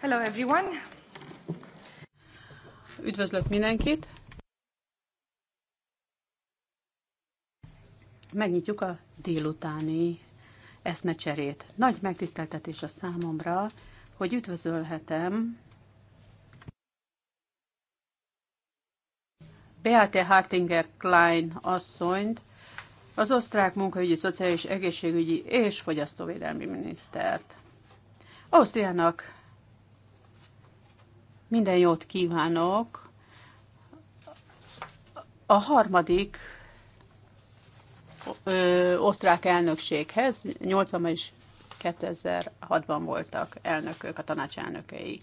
Hello everyone! Üdvözlök mindenkit! Megnyitjuk a délutáni eszmecserét. Nagy megtiszteltetés a számomra, hogy üdvözölhetem Beate Hartinger Klein asszonyt, az osztrák munkaügyi, szociális, egészségügyi és fogyasztóvédelmi minisztert. Ausztriának minden jót kívánok. A harmadik ö, osztrák elnökséghez, 80 és 2006-ban voltak elnökök, a tanácselnökei.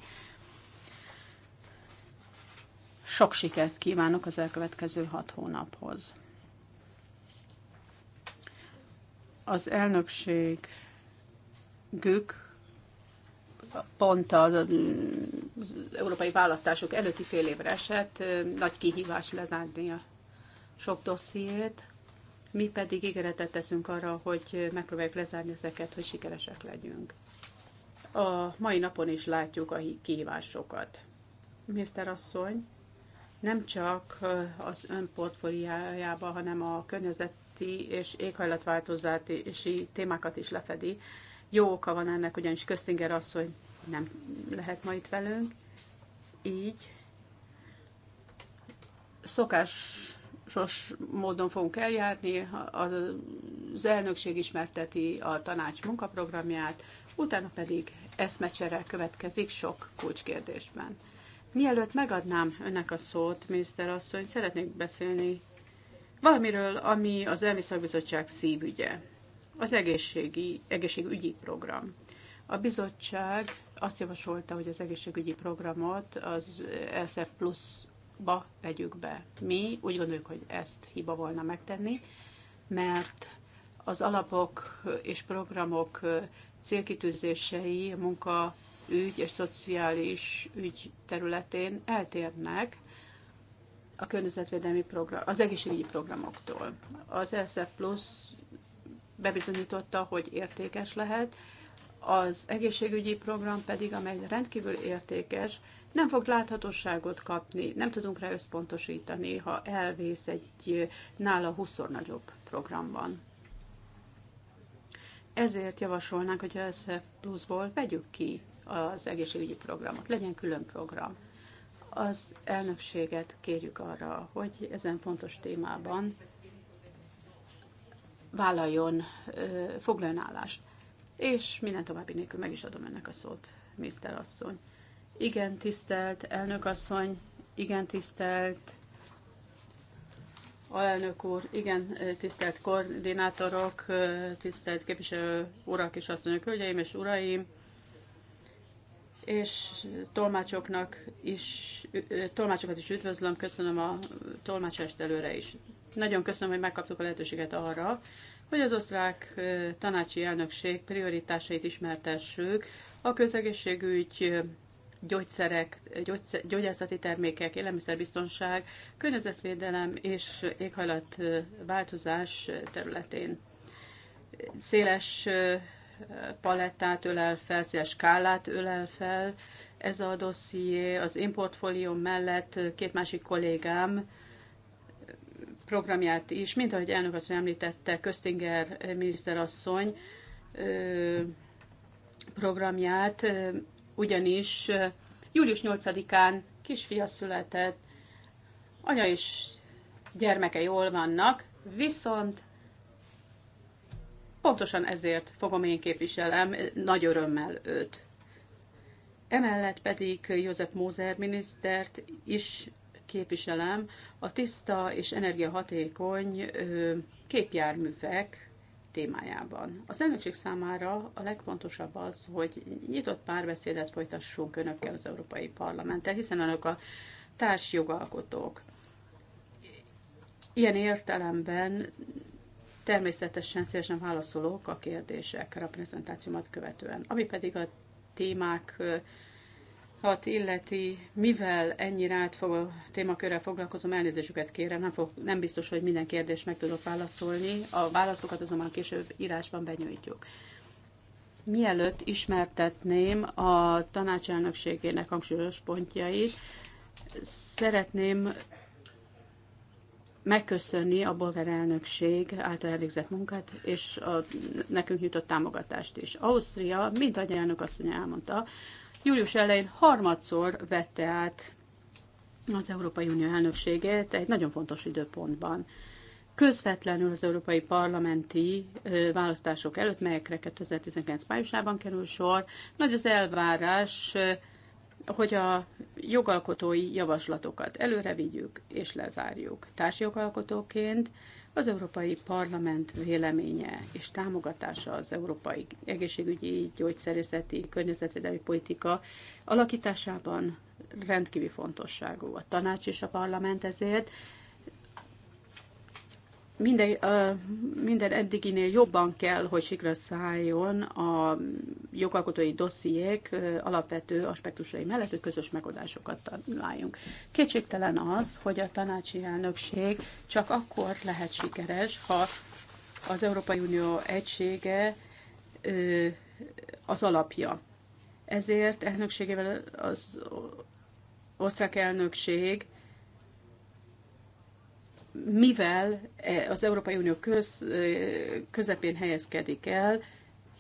Sok sikert kívánok az elkövetkező hat hónaphoz. Az elnökség gük pont az európai választások előtti fél évre esett, nagy kihívás lezárni a sok dossziét. Mi pedig ígéretet teszünk arra, hogy megpróbáljuk lezárni ezeket, hogy sikeresek legyünk. A mai napon is látjuk a kihívásokat. Mr. Asszony, nem csak az ön portfóliájában, hanem a környezeti és éghajlatváltozási témákat is lefedi. Jó oka van ennek, ugyanis Köztinger asszony nem lehet ma itt velünk, így szokásos módon fogunk eljárni, az elnökség ismerteti a tanács munkaprogramját, utána pedig eszmecsere következik sok kulcskérdésben. Mielőtt megadnám önnek a szót, miniszter asszony, szeretnék beszélni valamiről, ami az Elmi Szakbizottság szívügye, az egészségi, egészségügyi program. A bizottság azt javasolta, hogy az egészségügyi programot az e SF Plus-ba vegyük be. Mi úgy gondoljuk, hogy ezt hiba volna megtenni, mert az alapok és programok célkitűzései munka, ügy és szociális ügy területén eltérnek a környezetvédelmi program, az egészségügyi programoktól. Az e SF+ Plus bebizonyította, hogy értékes lehet, az egészségügyi program pedig, amely rendkívül értékes, nem fog láthatóságot kapni, nem tudunk rá összpontosítani, ha elvész egy nála 20 nagyobb programban. Ezért javasolnánk, hogy az pluszból vegyük ki az egészségügyi programot, legyen külön program. Az elnökséget kérjük arra, hogy ezen fontos témában vállaljon, foglaljon állást és minden további nélkül meg is adom ennek a szót, Mr. asszony. Igen, tisztelt elnök asszony, igen, tisztelt alelnök úr, igen, tisztelt koordinátorok, tisztelt képviselő urak és asszonyok, hölgyeim és uraim, és tolmácsoknak is, tolmácsokat is üdvözlöm, köszönöm a tolmácsást előre is. Nagyon köszönöm, hogy megkaptuk a lehetőséget arra, hogy az osztrák tanácsi elnökség prioritásait ismertessük, a közegészségügy, gyógyszerek, gyógyszer, gyógyászati termékek, élelmiszerbiztonság, környezetvédelem és éghajlatváltozás területén. Széles palettát ölel fel, széles skálát ölel fel ez a dosszié. Az én portfólióm mellett két másik kollégám programját is, mint ahogy elnök azt említette, Köztinger miniszterasszony programját, ugyanis július 8-án kisfia született, anya és gyermeke jól vannak, viszont pontosan ezért fogom én képviselem nagy örömmel őt. Emellett pedig József Mózer minisztert is képviselem, a tiszta és energiahatékony képjárművek témájában. Az elnökség számára a legfontosabb az, hogy nyitott párbeszédet folytassunk önökkel az Európai Parlamenttel, hiszen önök a társjogalkotók. Ilyen értelemben természetesen szélesen válaszolok a kérdésekre a prezentációmat követően. Ami pedig a témák hat illeti, mivel ennyire átfogó témakörrel foglalkozom, elnézésüket kérem, nem, fog, nem biztos, hogy minden kérdést meg tudok válaszolni, a válaszokat azonban később írásban benyújtjuk. Mielőtt ismertetném a tanácselnökségének hangsúlyos pontjait, szeretném megköszönni a bolgár elnökség által elvégzett munkát, és a nekünk nyújtott támogatást is. Ausztria, mint a elnök asszony elmondta, Július elején harmadszor vette át az Európai Unió elnökségét egy nagyon fontos időpontban. Közvetlenül az európai parlamenti választások előtt, melyekre 2019 májusában kerül sor, nagy az elvárás, hogy a jogalkotói javaslatokat előre vigyük és lezárjuk. Társjogalkotóként az Európai Parlament véleménye és támogatása az Európai Egészségügyi Gyógyszerészeti Környezetvédelmi Politika alakításában rendkívül fontosságú. A tanács és a parlament ezért minden, minden eddiginél jobban kell, hogy sikra szálljon a jogalkotói dossziék alapvető aspektusai mellett, hogy közös megoldásokat találjunk. Kétségtelen az, hogy a tanácsi elnökség csak akkor lehet sikeres, ha az Európai Unió egysége az alapja. Ezért elnökségével az osztrák elnökség mivel e, az Európai Unió köz, e, közepén helyezkedik el,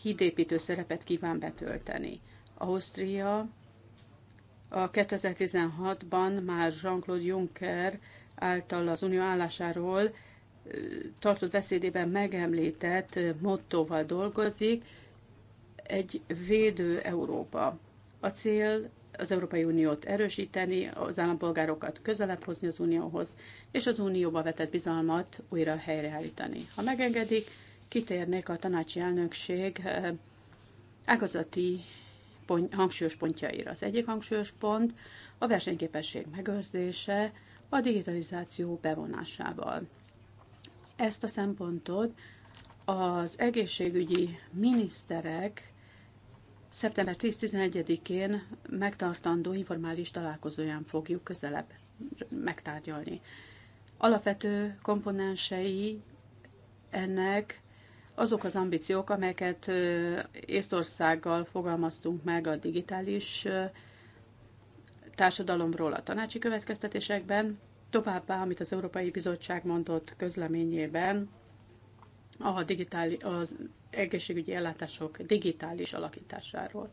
hídépítő szerepet kíván betölteni. Ausztria a 2016-ban már Jean-Claude Juncker által az unió állásáról e, tartott beszédében megemlített mottoval dolgozik, egy védő Európa. A cél az Európai Uniót erősíteni, az állampolgárokat közelebb hozni az Unióhoz, és az Unióba vetett bizalmat újra helyreállítani. Ha megengedik, kitérnék a tanácsi elnökség eh, ágazati pont, hangsúlyos pontjaira. Az egyik hangsúlyos pont a versenyképesség megőrzése a digitalizáció bevonásával. Ezt a szempontot az egészségügyi miniszterek Szeptember 10-11-én megtartandó informális találkozóján fogjuk közelebb megtárgyalni. Alapvető komponensei ennek azok az ambíciók, amelyeket Észtországgal fogalmaztunk meg a digitális társadalomról a tanácsi következtetésekben, továbbá, amit az Európai Bizottság mondott közleményében a digitális, az egészségügyi ellátások digitális alakításáról.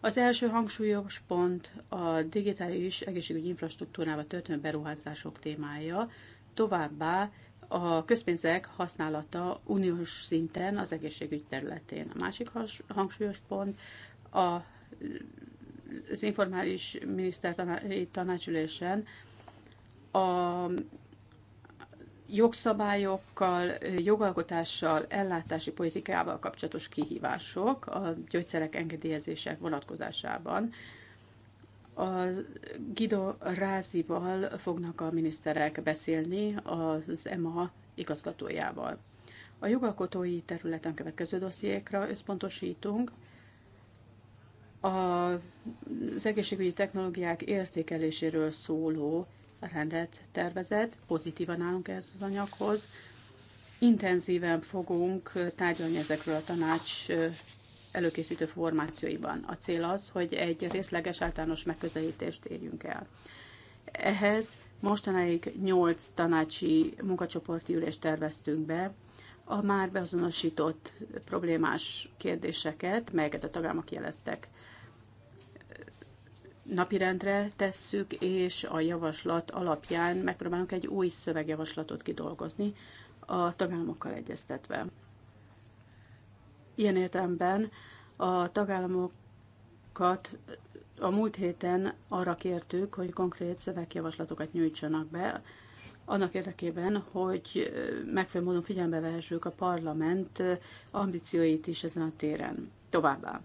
Az első hangsúlyos pont a digitális egészségügyi infrastruktúrával történő beruházások témája, továbbá a közpénzek használata uniós szinten az egészségügy területén. A másik hangsúlyos pont a, az informális miniszter tanácsülésen a jogszabályokkal, jogalkotással, ellátási politikával kapcsolatos kihívások a gyógyszerek engedélyezések vonatkozásában. A Guido Rázival fognak a miniszterek beszélni az EMA igazgatójával. A jogalkotói területen következő dossziékra összpontosítunk. Az egészségügyi technológiák értékeléséről szóló rendet tervezett, pozitívan állunk ez az anyaghoz. Intenzíven fogunk tárgyalni ezekről a tanács előkészítő formációiban. A cél az, hogy egy részleges általános megközelítést érjünk el. Ehhez mostanáig 8 tanácsi munkacsoporti ülést terveztünk be, a már beazonosított problémás kérdéseket, melyeket a tagállamok jeleztek napirendre tesszük, és a javaslat alapján megpróbálunk egy új szövegjavaslatot kidolgozni a tagállamokkal egyeztetve. Ilyen értelemben a tagállamokat a múlt héten arra kértük, hogy konkrét szövegjavaslatokat nyújtsanak be, annak érdekében, hogy megfelelő módon figyelembe vehessük a parlament ambícióit is ezen a téren. Továbbá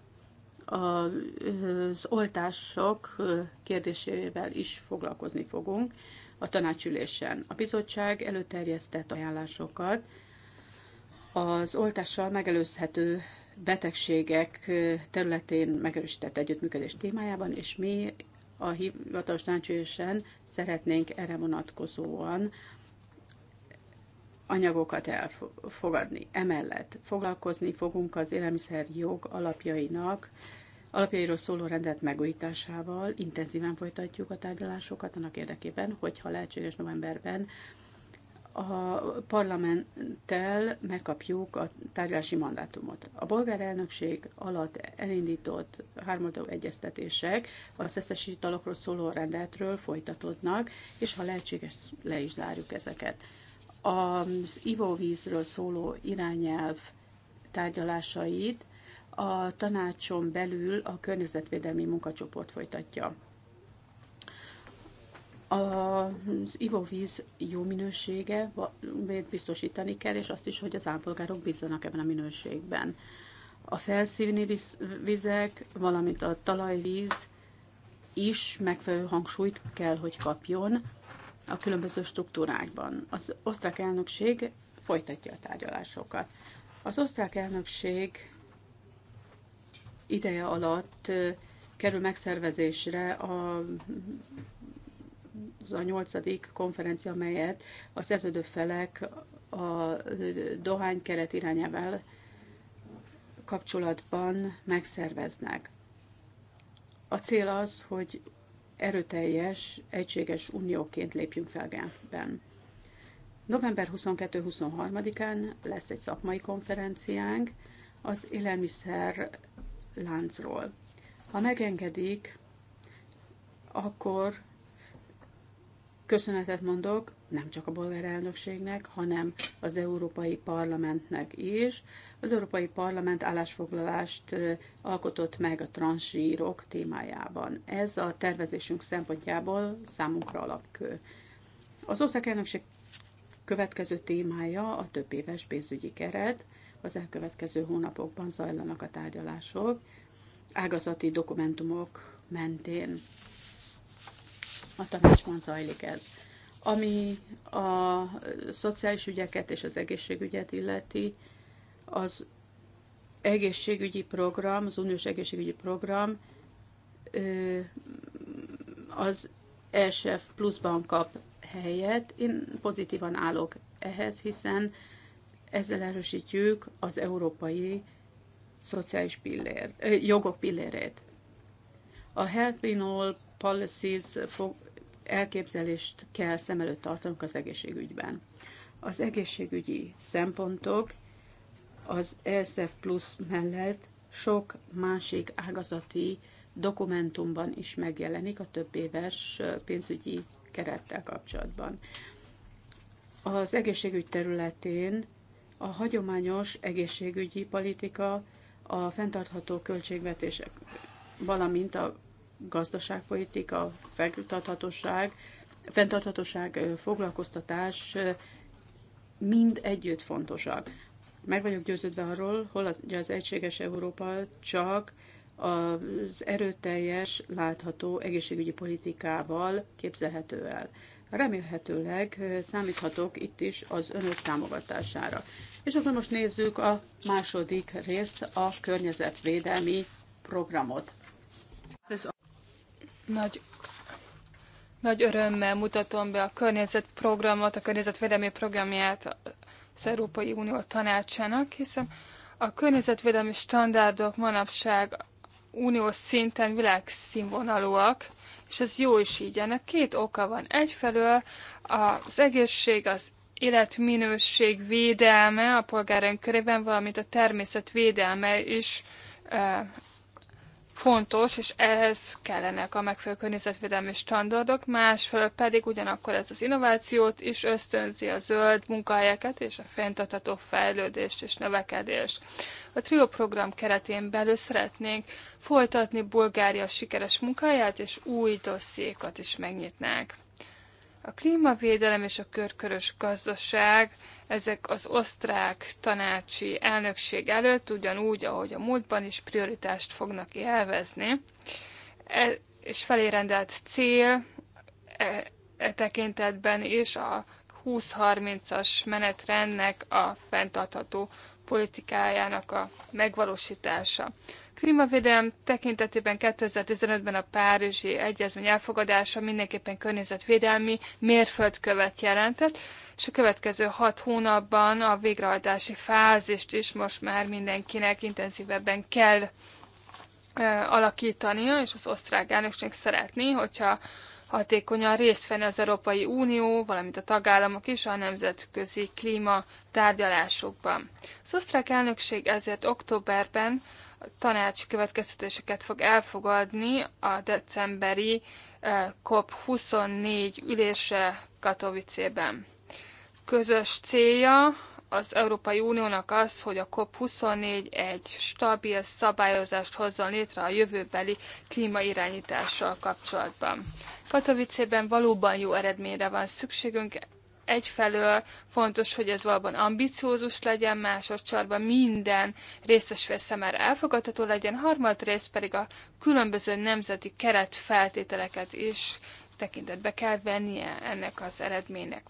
az oltások kérdésével is foglalkozni fogunk a tanácsülésen. A bizottság előterjesztett ajánlásokat az oltással megelőzhető betegségek területén megerősített együttműködés témájában, és mi a hivatalos tanácsülésen szeretnénk erre vonatkozóan anyagokat elfogadni. Emellett foglalkozni fogunk az élelmiszer jog alapjainak, alapjairól szóló rendet megújításával, intenzíven folytatjuk a tárgyalásokat annak érdekében, hogyha lehetséges novemberben a parlamenttel megkapjuk a tárgyalási mandátumot. A bolgár elnökség alatt elindított háromoldalú egyeztetések a szeszes italokról szóló rendetről folytatódnak, és ha lehetséges, le is zárjuk ezeket az ivóvízről szóló irányelv tárgyalásait a tanácson belül a környezetvédelmi munkacsoport folytatja. Az ivóvíz jó minősége, biztosítani kell, és azt is, hogy az állampolgárok bízzanak ebben a minőségben. A felszíni vizek, valamint a talajvíz is megfelelő hangsúlyt kell, hogy kapjon, a különböző struktúrákban. Az osztrák elnökség folytatja a tárgyalásokat. Az osztrák elnökség ideje alatt kerül megszervezésre a, az a nyolcadik konferencia, amelyet a szerződő felek a Dohány keret irányával kapcsolatban megszerveznek. A cél az, hogy erőteljes, egységes unióként lépjünk fel Genfben. November 22-23-án lesz egy szakmai konferenciánk az élelmiszer láncról. Ha megengedik, akkor köszönetet mondok nem csak a bolgár elnökségnek, hanem az Európai Parlamentnek is. Az Európai Parlament állásfoglalást alkotott meg a transzsírok témájában. Ez a tervezésünk szempontjából számunkra alapkő. Az ország elnökség következő témája a több éves pénzügyi keret. Az elkövetkező hónapokban zajlanak a tárgyalások ágazati dokumentumok mentén. A tanácsban zajlik ez. Ami a szociális ügyeket és az egészségügyet illeti, az egészségügyi program, az uniós egészségügyi program az ESF pluszban kap helyet. Én pozitívan állok ehhez, hiszen ezzel erősítjük az európai szociális pillér, jogok pillérét. A Health in All Policies fog, elképzelést kell szem előtt tartanunk az egészségügyben. Az egészségügyi szempontok az ESF Plus mellett sok másik ágazati dokumentumban is megjelenik a több éves pénzügyi kerettel kapcsolatban. Az egészségügy területén a hagyományos egészségügyi politika, a fenntartható költségvetések, valamint a gazdaságpolitika, fenntarthatóság, fenntarthatóság, foglalkoztatás mind együtt fontosak. Meg vagyok győződve arról, hol az, az egységes Európa csak az erőteljes, látható egészségügyi politikával képzelhető el. Remélhetőleg számíthatok itt is az önök támogatására. És akkor most nézzük a második részt, a környezetvédelmi programot. Nagy, nagy örömmel mutatom be a környezetprogramot, a környezetvédelmi programját az Európai Unió tanácsának, hiszen a környezetvédelmi standardok manapság uniós szinten világszínvonalúak, és ez jó is így. Ennek két oka van. Egyfelől az egészség, az életminőség védelme a polgáraink körében, valamint a természet védelme is eh, fontos, és ehhez kellenek a megfelelő környezetvédelmi standardok, másfelől pedig ugyanakkor ez az innovációt is ösztönzi a zöld munkahelyeket és a fenntartható fejlődést és növekedést. A TRIO program keretén belül szeretnénk folytatni Bulgária sikeres munkáját, és új dossziékat is megnyitnánk. A klímavédelem és a körkörös gazdaság, ezek az osztrák tanácsi elnökség előtt ugyanúgy, ahogy a múltban is prioritást fognak élvezni. E, és felérendelt cél e, e tekintetben is a 20-30-as menetrendnek a fenntartható politikájának a megvalósítása. Klímavédelem tekintetében 2015-ben a Párizsi Egyezmény elfogadása mindenképpen környezetvédelmi mérföldkövet jelentett, és a következő hat hónapban a végrehajtási fázist is most már mindenkinek intenzívebben kell e, alakítania, és az osztrák elnökség szeretné, hogyha hatékonyan részt venni az Európai Unió, valamint a tagállamok is a nemzetközi klíma tárgyalásokban. Az osztrák elnökség ezért októberben a tanácsi következtetéseket fog elfogadni a decemberi eh, COP24 ülése Katowice-ben. Közös célja az Európai Uniónak az, hogy a COP24 egy stabil szabályozást hozzon létre a jövőbeli klímairányítással kapcsolatban. Katowice-ben valóban jó eredményre van szükségünk, egyfelől fontos, hogy ez valóban ambiciózus legyen, másodszorban minden részes fél számára elfogadható legyen, harmadrészt pedig a különböző nemzeti keretfeltételeket is tekintetbe kell vennie ennek az eredménynek.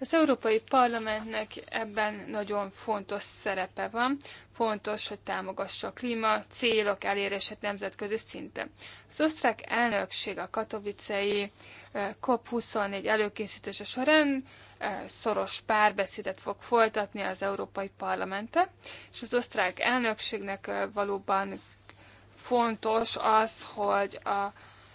Az Európai Parlamentnek ebben nagyon fontos szerepe van, fontos, hogy támogassa a klíma célok elérését nemzetközi szinten. Az osztrák elnökség a katovicei COP24 eh, előkészítése során eh, szoros párbeszédet fog folytatni az Európai parlamente, és az osztrák elnökségnek eh, valóban fontos az, hogy a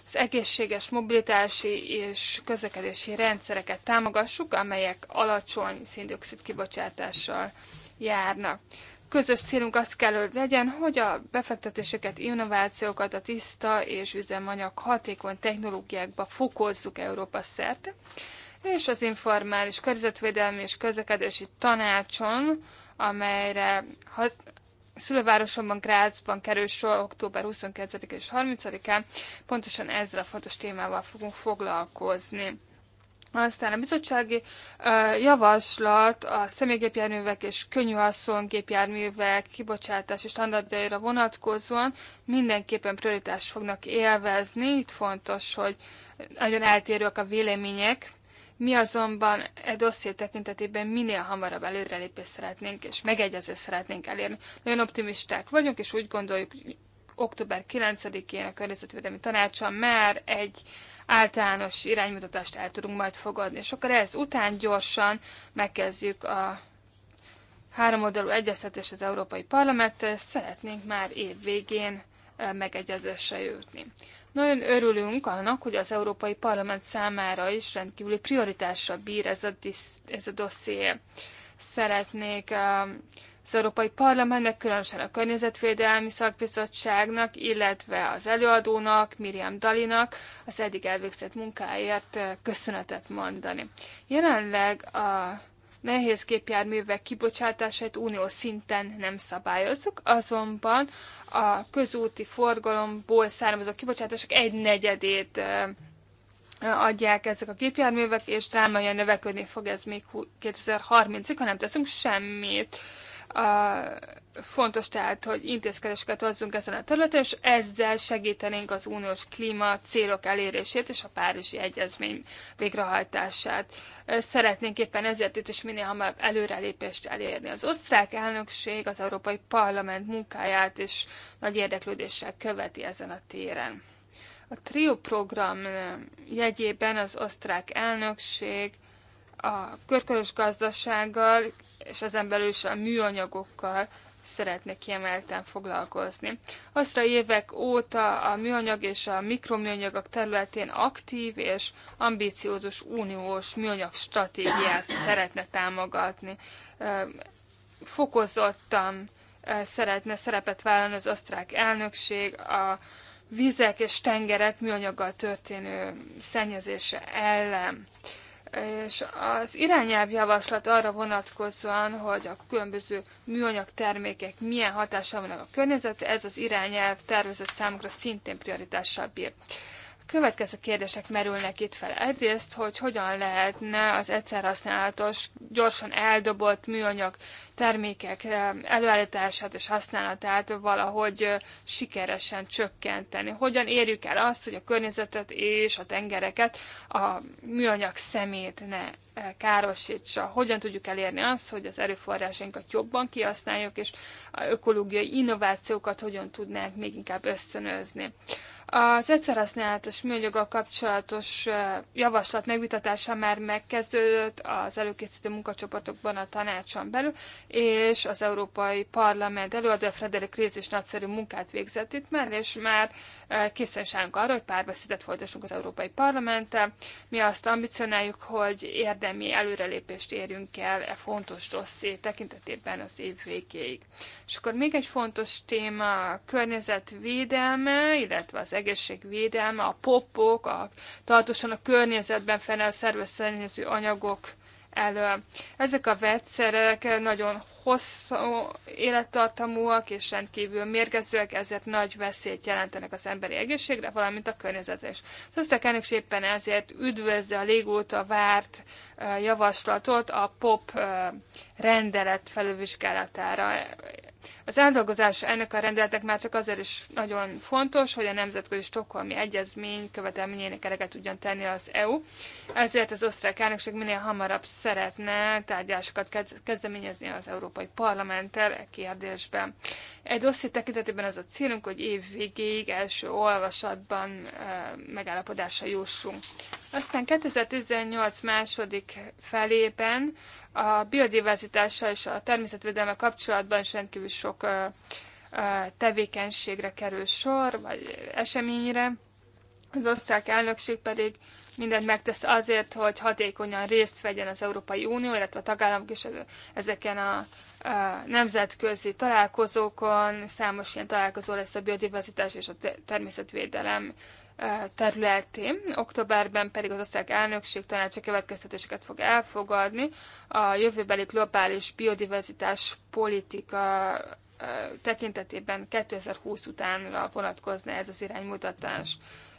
az egészséges mobilitási és közlekedési rendszereket támogassuk, amelyek alacsony széndiokszid kibocsátással járnak. Közös célunk az kell, hogy legyen, hogy a befektetéseket, innovációkat a tiszta és üzemanyag hatékony technológiákba fokozzuk Európa szerte, és az informális környezetvédelmi és közlekedési tanácson, amelyre szülővárosomban, Grácsban kerül sor október 29 és 30-án. Pontosan ezzel a fontos témával fogunk foglalkozni. Aztán a bizottsági javaslat a személygépjárművek és könnyű kibocsátás kibocsátási standardjaira vonatkozóan mindenképpen prioritást fognak élvezni. Itt fontos, hogy nagyon eltérőek a vélemények mi azonban e dosszié tekintetében minél hamarabb előrelépést szeretnénk, és megegyezést szeretnénk elérni. Nagyon optimisták vagyunk, és úgy gondoljuk, hogy október 9-én a Környezetvédelmi Tanácson már egy általános iránymutatást el tudunk majd fogadni, és akkor ez után gyorsan megkezdjük a három oldalú egyeztetés az Európai Parlamenttel, szeretnénk már év végén eh, megegyezésre jutni. Nagyon örülünk annak, hogy az Európai Parlament számára is rendkívüli prioritásra bír ez a, disz, ez a dosszié. Szeretnék um, az Európai Parlamentnek, különösen a Környezetvédelmi Szakbizottságnak, illetve az előadónak, Miriam Dalinak az eddig elvégzett munkáért uh, köszönetet mondani. Jelenleg a nehéz gépjárművek kibocsátását uniós szinten nem szabályozzuk, azonban a közúti forgalomból származó kibocsátások egy negyedét adják ezek a gépjárművek, és drámaian növekedni fog ez még 2030-ig, ha nem teszünk semmit a, fontos tehát, hogy intézkedéseket hozzunk ezen a területen, és ezzel segítenénk az uniós klíma célok elérését és a Párizsi Egyezmény végrehajtását. Szeretnénk éppen ezért itt is minél hamarabb előrelépést elérni. Az osztrák elnökség az Európai Parlament munkáját is nagy érdeklődéssel követi ezen a téren. A TRIO program eh, jegyében az osztrák elnökség a körkörös gazdasággal és ezen belül is a műanyagokkal szeretnék kiemelten foglalkozni. Aztra évek óta a műanyag és a mikroműanyagok területén aktív és ambíciózus uniós műanyag stratégiát szeretne támogatni. Fokozottan szeretne szerepet vállalni az osztrák elnökség, a vizek és tengerek műanyaggal történő szennyezése ellen és az irányelvjavaslat arra vonatkozóan, hogy a különböző műanyag termékek milyen hatással vannak a környezetre, ez az irányelv tervezett számukra szintén prioritással bír következő kérdések merülnek itt fel. Egyrészt, hogy hogyan lehetne az egyszerhasználatos, gyorsan eldobott műanyag termékek eh, előállítását és használatát valahogy eh, sikeresen csökkenteni. Hogyan érjük el azt, hogy a környezetet és a tengereket a műanyag szemét ne eh, károsítsa. Hogyan tudjuk elérni azt, hogy az erőforrásainkat jobban kihasználjuk, és a ökológiai innovációkat hogyan tudnánk még inkább ösztönözni. Az egyszerhasználatos műanyaggal kapcsolatos javaslat megvitatása már megkezdődött az előkészítő munkacsoportokban a tanácson belül, és az Európai Parlament előadó Frederik Rész is nagyszerű munkát végzett itt már, és már készen is állunk arra, hogy párbeszédet folytassunk az Európai Parlamenttel. Mi azt ambicionáljuk, hogy érdemi előrelépést érjünk el e fontos dosszé tekintetében az év végéig. És akkor még egy fontos téma a környezetvédelme, illetve az egészségvédelme, a popok, a tartósan a környezetben fennálló szerves anyagok elől. Ezek a vegyszerek nagyon hosszú élettartamúak és rendkívül mérgezőek, ezért nagy veszélyt jelentenek az emberi egészségre, valamint a környezetre is. Szóval osztrák éppen ezért üdvözli a légóta várt javaslatot a POP rendelet felülvizsgálatára. Az eldolgozás ennek a rendeletnek már csak azért is nagyon fontos, hogy a Nemzetközi Stokholmi Egyezmény követelményének eleget tudjon tenni az EU. Ezért az osztrák elnökség minél hamarabb szeretne tárgyásokat kezdeményezni az Európai Európai Parlamenttel e kérdésben. Egy dosszi tekintetében az a célunk, hogy év végéig első olvasatban e, megállapodásra jussunk. Aztán 2018 második felében a biodiverzitással és a természetvédelme kapcsolatban is rendkívül sok e, tevékenységre kerül sor, vagy eseményre. Az osztrák elnökség pedig mindent megtesz azért, hogy hatékonyan részt vegyen az Európai Unió, illetve a tagállamok is ezeken a, nemzetközi találkozókon. Számos ilyen találkozó lesz a biodiverzitás és a természetvédelem területén. Októberben pedig az ország elnökség tanácsa következtetéseket fog elfogadni a jövőbeli globális biodiverzitás politika tekintetében 2020 utánra vonatkozna ez az iránymutatás.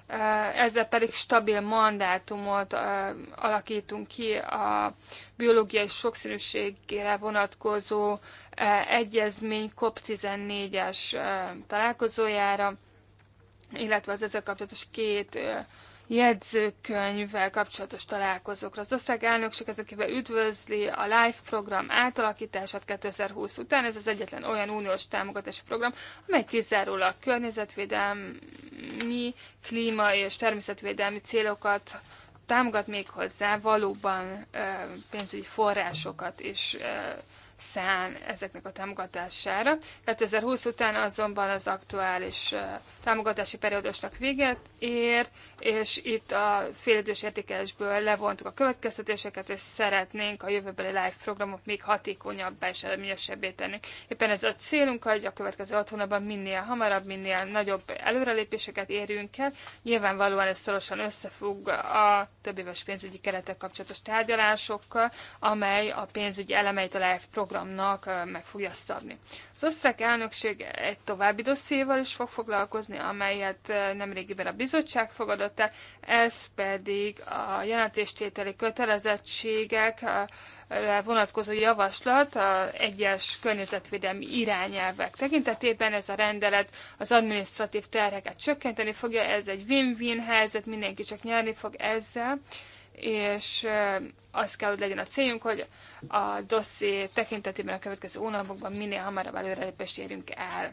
Eh, ezzel pedig stabil mandátumot eh, alakítunk ki a biológiai sokszínűségére vonatkozó eh, egyezmény COP14-es találkozójára, illetve az ezzel kapcsolatos két jegyzőkönyvvel kapcsolatos találkozókra. Az osztrák elnökség akivel üdvözli a LIFE program átalakítását 2020 után. Ez az egyetlen olyan uniós támogatási program, amely kizárólag környezetvédelmi, klíma és természetvédelmi célokat támogat még hozzá valóban pénzügyi forrásokat is szán ezeknek a támogatására. 2020 után azonban az aktuális támogatási periódusnak véget ér, és itt a félidős értékelésből levontuk a következtetéseket, és szeretnénk a jövőbeli live programot még hatékonyabbá és eredményesebbé tenni. Éppen ez a célunk, hogy a következő hat minél hamarabb, minél nagyobb előrelépéseket érjünk el. Nyilvánvalóan ez szorosan összefügg a többéves pénzügyi keretek kapcsolatos tárgyalásokkal, amely a pénzügyi elemeit a live program programnak meg fogja szabni. Az osztrák elnökség egy további dosszéval is fog foglalkozni, amelyet nemrégiben a bizottság fogadott el, ez pedig a jelentéstételi kötelezettségek vonatkozó javaslat a egyes környezetvédelmi irányelvek tekintetében. Ez a rendelet az administratív terheket csökkenteni fogja, ez egy win-win helyzet, mindenki csak nyerni fog ezzel és az kell, hogy legyen a céljunk, hogy a dosszi tekintetében a következő hónapokban minél hamarabb előrelépést érünk el.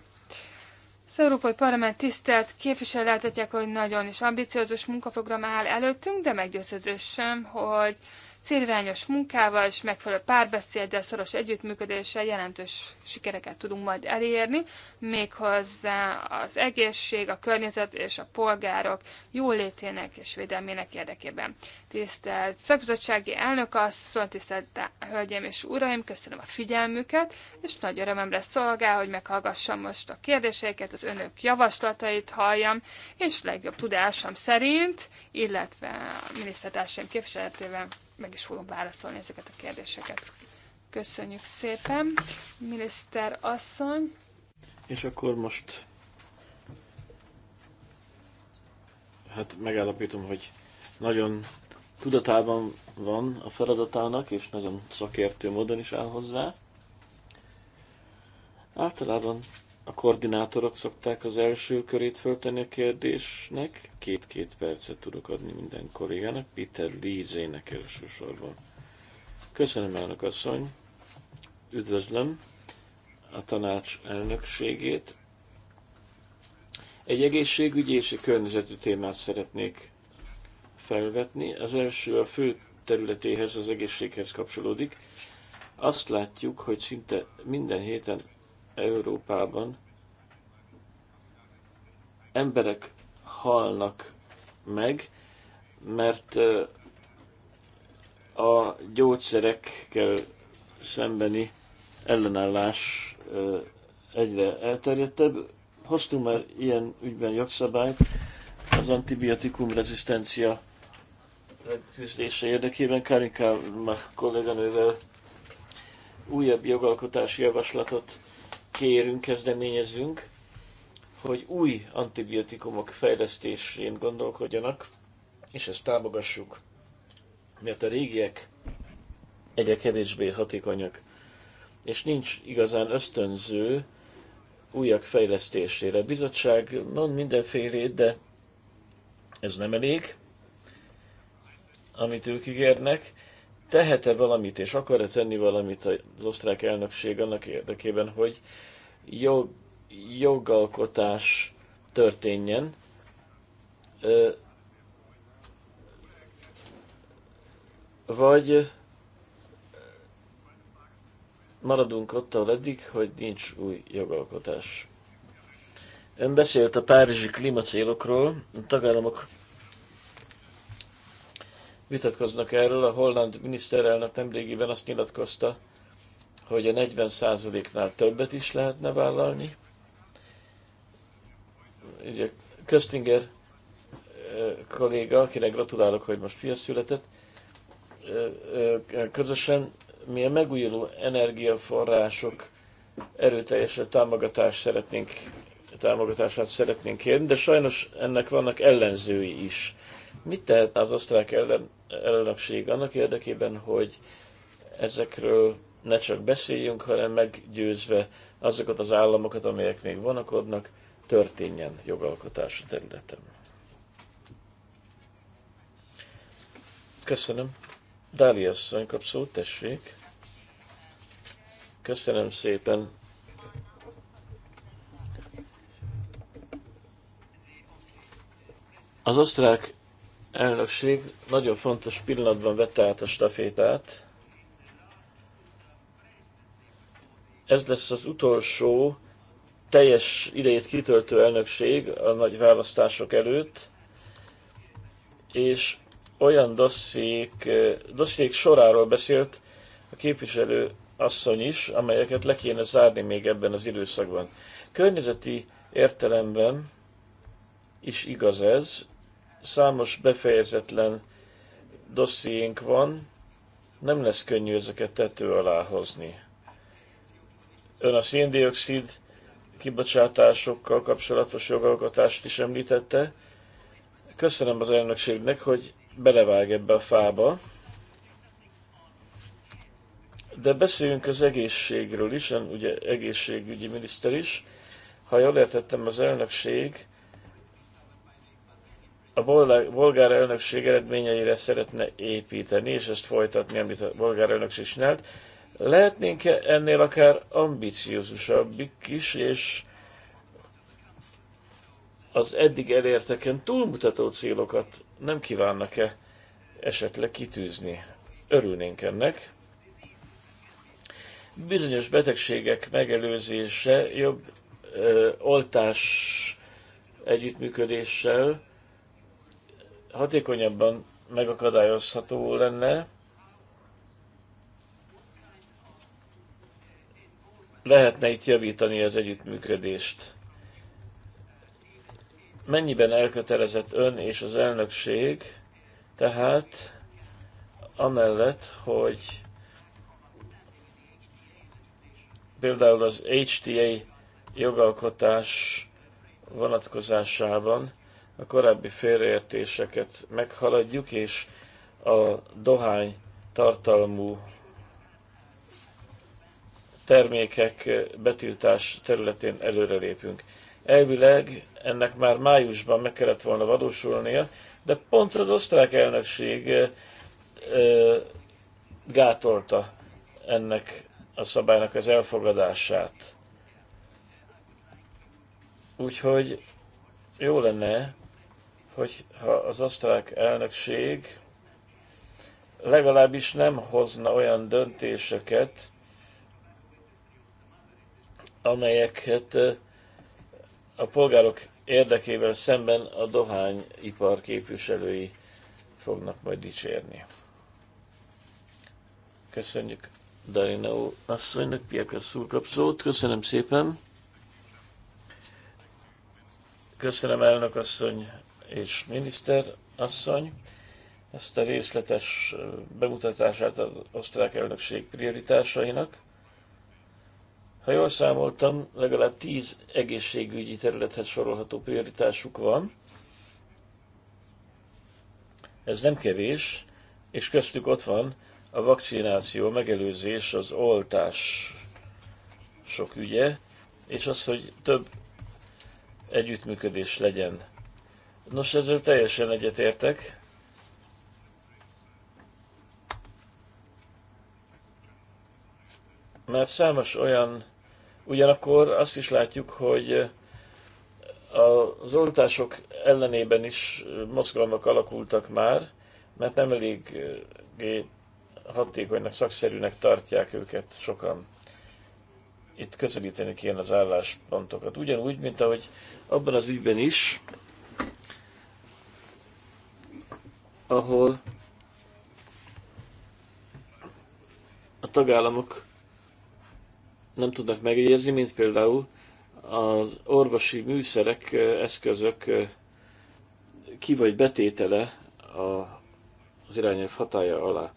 Az Európai Parlament tisztelt képviselő láthatják, hogy nagyon is ambiciózus munkaprogram áll előttünk, de meggyőződésem, hogy célirányos munkával és megfelelő párbeszéddel, szoros együttműködéssel jelentős sikereket tudunk majd elérni, méghozzá az egészség, a környezet és a polgárok jólétének és védelmének érdekében. Tisztelt szakbizottsági elnök asszony, tisztelt hölgyeim és uraim, köszönöm a figyelmüket, és nagy örömemre szolgál, hogy meghallgassam most a kérdéseiket, az önök javaslatait halljam, és legjobb tudásom szerint, illetve a minisztertársaim képviseletével meg is fogom válaszolni ezeket a kérdéseket. Köszönjük szépen, miniszter asszony. És akkor most hát megállapítom, hogy nagyon tudatában van a feladatának, és nagyon szakértő módon is áll hozzá. Általában a koordinátorok szokták az első körét föltenni a kérdésnek. Két-két percet tudok adni minden kollégának, Peter Lízének elsősorban. Köszönöm, elnök asszony. Üdvözlöm a tanács elnökségét. Egy egészségügyi és egy környezeti témát szeretnék felvetni. Az első a fő területéhez, az egészséghez kapcsolódik. Azt látjuk, hogy szinte minden héten Európában emberek halnak meg, mert a gyógyszerekkel szembeni ellenállás egyre elterjedtebb. Hoztunk már ilyen ügyben jogszabályt az antibiotikum rezisztencia küzdése érdekében. karinka, már kolléganővel újabb jogalkotási javaslatot kérünk, kezdeményezünk, hogy új antibiotikumok fejlesztésén gondolkodjanak, és ezt támogassuk, mert a régiek egyre kevésbé hatékonyak, és nincs igazán ösztönző újak fejlesztésére. A bizottság mond mindenfélét, de ez nem elég, amit ők ígérnek, tehet-e valamit, és akar-e tenni valamit az osztrák elnökség annak érdekében, hogy jog, jogalkotás történjen. Vagy maradunk ott, ahol eddig, hogy nincs új jogalkotás. Ön beszélt a párizsi klímacélokról, a tagállamok vitatkoznak erről. A holland miniszterelnök nemrégiben azt nyilatkozta, hogy a 40%-nál többet is lehetne vállalni. Ugye Köstinger kolléga, akinek gratulálok, hogy most fia született, közösen mi a megújuló energiaforrások erőteljes támogatást szeretnénk, támogatását szeretnénk kérni, de sajnos ennek vannak ellenzői is. Mit tehet az osztrák ellen, ellenapség annak érdekében, hogy ezekről ne csak beszéljünk, hanem meggyőzve azokat az államokat, amelyek még vonakodnak, történjen jogalkotás területen. Köszönöm. Dália asszony kap szót, tessék. Köszönöm szépen. Az osztrák elnökség nagyon fontos pillanatban vette át a stafétát. Ez lesz az utolsó teljes idejét kitöltő elnökség a nagy választások előtt, és olyan dosszék, eh, dosszék soráról beszélt a képviselő asszony is, amelyeket le kéne zárni még ebben az időszakban. Környezeti értelemben is igaz ez, Számos befejezetlen dossziénk van, nem lesz könnyű ezeket tető alá hozni. Ön a széndiokszid kibocsátásokkal kapcsolatos jogalkotást is említette. Köszönöm az elnökségnek, hogy belevág ebbe a fába. De beszéljünk az egészségről is, ugye egészségügyi miniszter is. Ha jól értettem, az elnökség a bolgár elnökség eredményeire szeretne építeni, és ezt folytatni, amit a bolgár elnökség csinált. Lehetnénk -e ennél akár ambiciózusabbik is, és az eddig elérteken túlmutató célokat nem kívánnak-e esetleg kitűzni? Örülnénk ennek. Bizonyos betegségek megelőzése jobb ö, oltás együttműködéssel, hatékonyabban megakadályozható lenne, lehetne itt javítani az együttműködést. Mennyiben elkötelezett ön és az elnökség, tehát amellett, hogy például az HTA jogalkotás vonatkozásában a korábbi félreértéseket meghaladjuk, és a dohány tartalmú termékek betiltás területén előrelépünk. Elvileg ennek már májusban meg kellett volna valósulnia, de pont az osztrák elnökség gátolta ennek a szabálynak az elfogadását. Úgyhogy jó lenne, hogy ha az osztrák elnökség legalábbis nem hozna olyan döntéseket, amelyeket a polgárok érdekével szemben a dohányipar képviselői fognak majd dicsérni. Köszönjük Darina asszonynak, Piakas úr szót. Köszönöm szépen. Köszönöm elnök asszony és miniszter asszony ezt a részletes bemutatását az osztrák elnökség prioritásainak. Ha jól számoltam, legalább tíz egészségügyi területhez sorolható prioritásuk van. Ez nem kevés, és köztük ott van a vakcináció, a megelőzés, az oltás sok ügye, és az, hogy több együttműködés legyen Nos, ezzel teljesen egyetértek. Mert számos olyan, ugyanakkor azt is látjuk, hogy az oltások ellenében is mozgalmak alakultak már, mert nem elég hatékonynak, szakszerűnek tartják őket sokan. Itt közelíteni kéne az álláspontokat. Ugyanúgy, mint ahogy abban az ügyben is, ahol a tagállamok nem tudnak megjegyezni, mint például az orvosi műszerek, eszközök ki vagy betétele az irányelv hatája alá.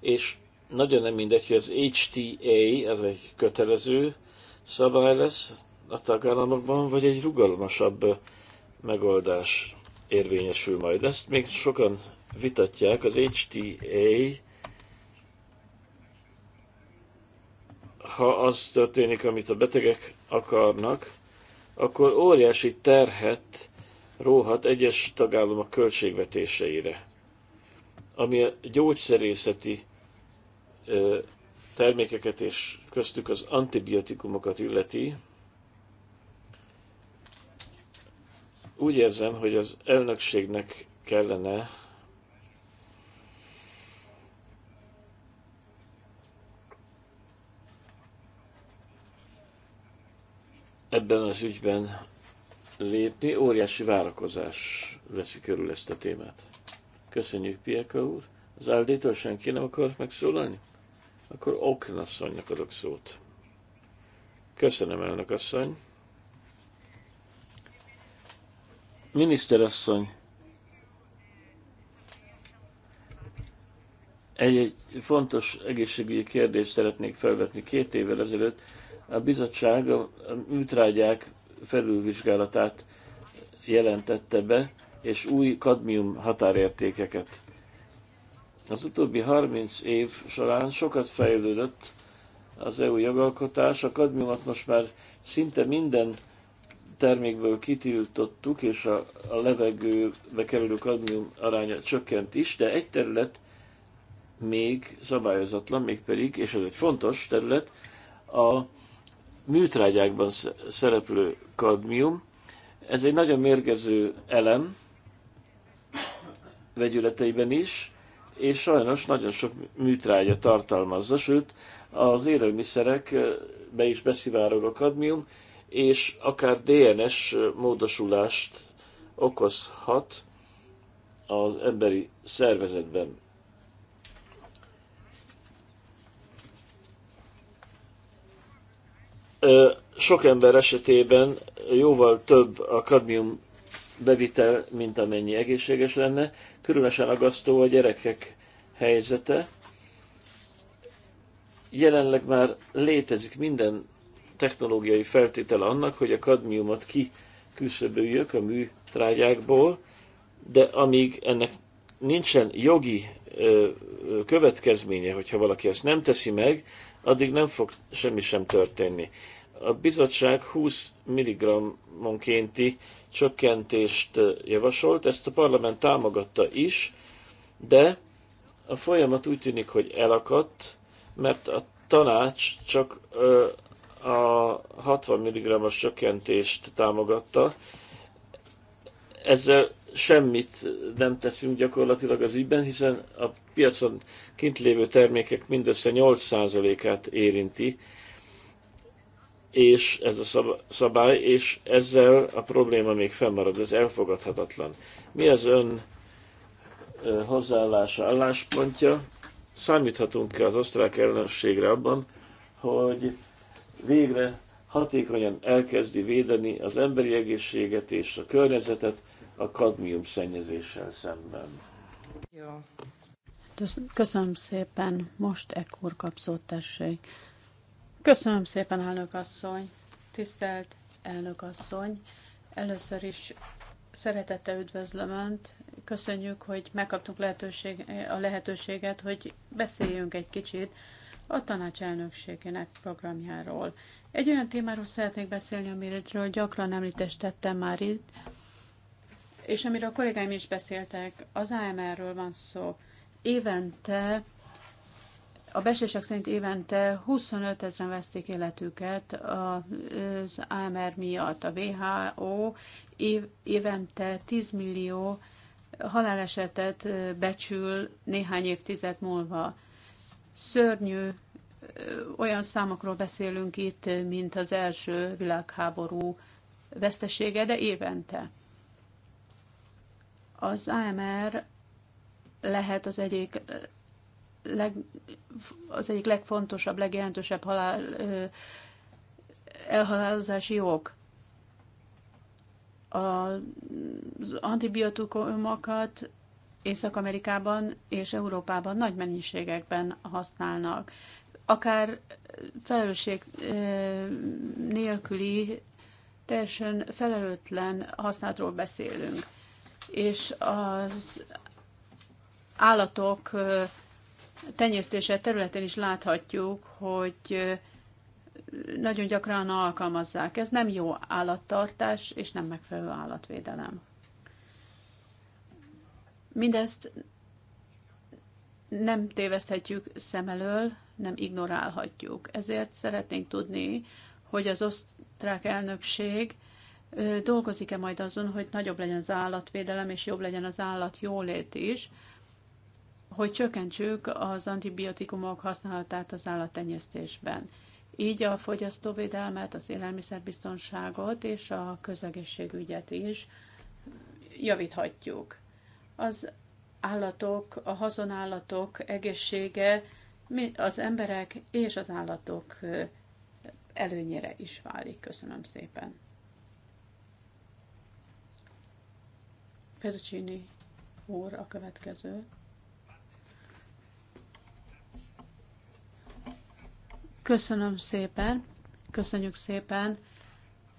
És nagyon nem mindegy, hogy az HTA, ez egy kötelező szabály lesz a tagállamokban, vagy egy rugalmasabb megoldás érvényesül majd. Ezt még sokan vitatják, az HTA, ha az történik, amit a betegek akarnak, akkor óriási terhet róhat egyes tagállamok költségvetéseire, ami a gyógyszerészeti termékeket és köztük az antibiotikumokat illeti, Úgy érzem, hogy az elnökségnek kellene ebben az ügyben lépni. Óriási várakozás veszi körül ezt a témát. Köszönjük, Pieka úr. Az áldétől senki nem akar megszólalni? Akkor Oknasszonynak adok szót. Köszönöm, elnök asszony. Miniszterasszony, egy, egy fontos egészségügyi kérdést szeretnék felvetni. Két évvel ezelőtt a bizottság a műtrágyák felülvizsgálatát jelentette be, és új kadmium határértékeket. Az utóbbi 30 év során sokat fejlődött az EU jogalkotás, a kadmiumot most már szinte minden termékből kitiltottuk, és a, a levegőbe kerülő kadmium aránya csökkent is, de egy terület még szabályozatlan, mégpedig, és ez egy fontos terület, a műtrágyákban szereplő kadmium. Ez egy nagyon mérgező elem, vegyületeiben is, és sajnos nagyon sok műtrágya tartalmazza, sőt, az be is beszivárog a kadmium, és akár DNS módosulást okozhat az emberi szervezetben. Sok ember esetében jóval több a kadmium bevitel, mint amennyi egészséges lenne. Különösen agasztó a gyerekek helyzete. Jelenleg már létezik minden technológiai feltétele annak, hogy a kadmiumot kiküszöböljük a műtrágyákból, de amíg ennek nincsen jogi ö, következménye, hogyha valaki ezt nem teszi meg, addig nem fog semmi sem történni. A bizottság 20 mg-onkénti csökkentést javasolt, ezt a parlament támogatta is, de a folyamat úgy tűnik, hogy elakadt, mert a tanács csak a 60 mg-as csökkentést támogatta. Ezzel semmit nem teszünk gyakorlatilag az ügyben, hiszen a piacon kint lévő termékek mindössze 8%-át érinti, és ez a szabály, és ezzel a probléma még fennmarad, ez elfogadhatatlan. Mi az ön hozzáállása, álláspontja? Számíthatunk-e az osztrák ellenségre abban, hogy végre hatékonyan elkezdi védeni az emberi egészséget és a környezetet a kadmium szennyezéssel szemben. Jó. Köszönöm szépen. Most ekkor kapszott tessék. Köszönöm szépen, elnök asszony. Tisztelt elnök asszony. Először is szeretettel üdvözlöm Önt. Köszönjük, hogy megkaptuk lehetőség, a lehetőséget, hogy beszéljünk egy kicsit a tanács elnökségének programjáról. Egy olyan témáról szeretnék beszélni, amiről gyakran említést tettem már itt, és amiről a kollégáim is beszéltek, az AMR-ről van szó. Évente, a besések szerint évente 25 ezeren veszték életüket az AMR miatt. A WHO évente 10 millió halálesetet becsül néhány évtized múlva. Szörnyű, olyan számokról beszélünk itt, mint az első világháború vesztesége, de évente. Az AMR lehet az egyik leg, az egyik legfontosabb, legjelentősebb halál, elhalálozási ok. Az antibiotikumokat Észak-Amerikában és Európában nagy mennyiségekben használnak. Akár felelősség nélküli, teljesen felelőtlen használatról beszélünk. És az állatok tenyésztése területén is láthatjuk, hogy nagyon gyakran alkalmazzák. Ez nem jó állattartás és nem megfelelő állatvédelem. Mindezt nem téveszthetjük szem elől, nem ignorálhatjuk. Ezért szeretnénk tudni, hogy az osztrák elnökség dolgozik-e majd azon, hogy nagyobb legyen az állatvédelem, és jobb legyen az állat jólét is, hogy csökkentsük az antibiotikumok használatát az állattenyésztésben. Így a fogyasztóvédelmet, az élelmiszerbiztonságot és a közegészségügyet is javíthatjuk az állatok, a hazonállatok egészsége az emberek és az állatok előnyére is válik. Köszönöm szépen. Pedocsini úr a következő. Köszönöm szépen, köszönjük szépen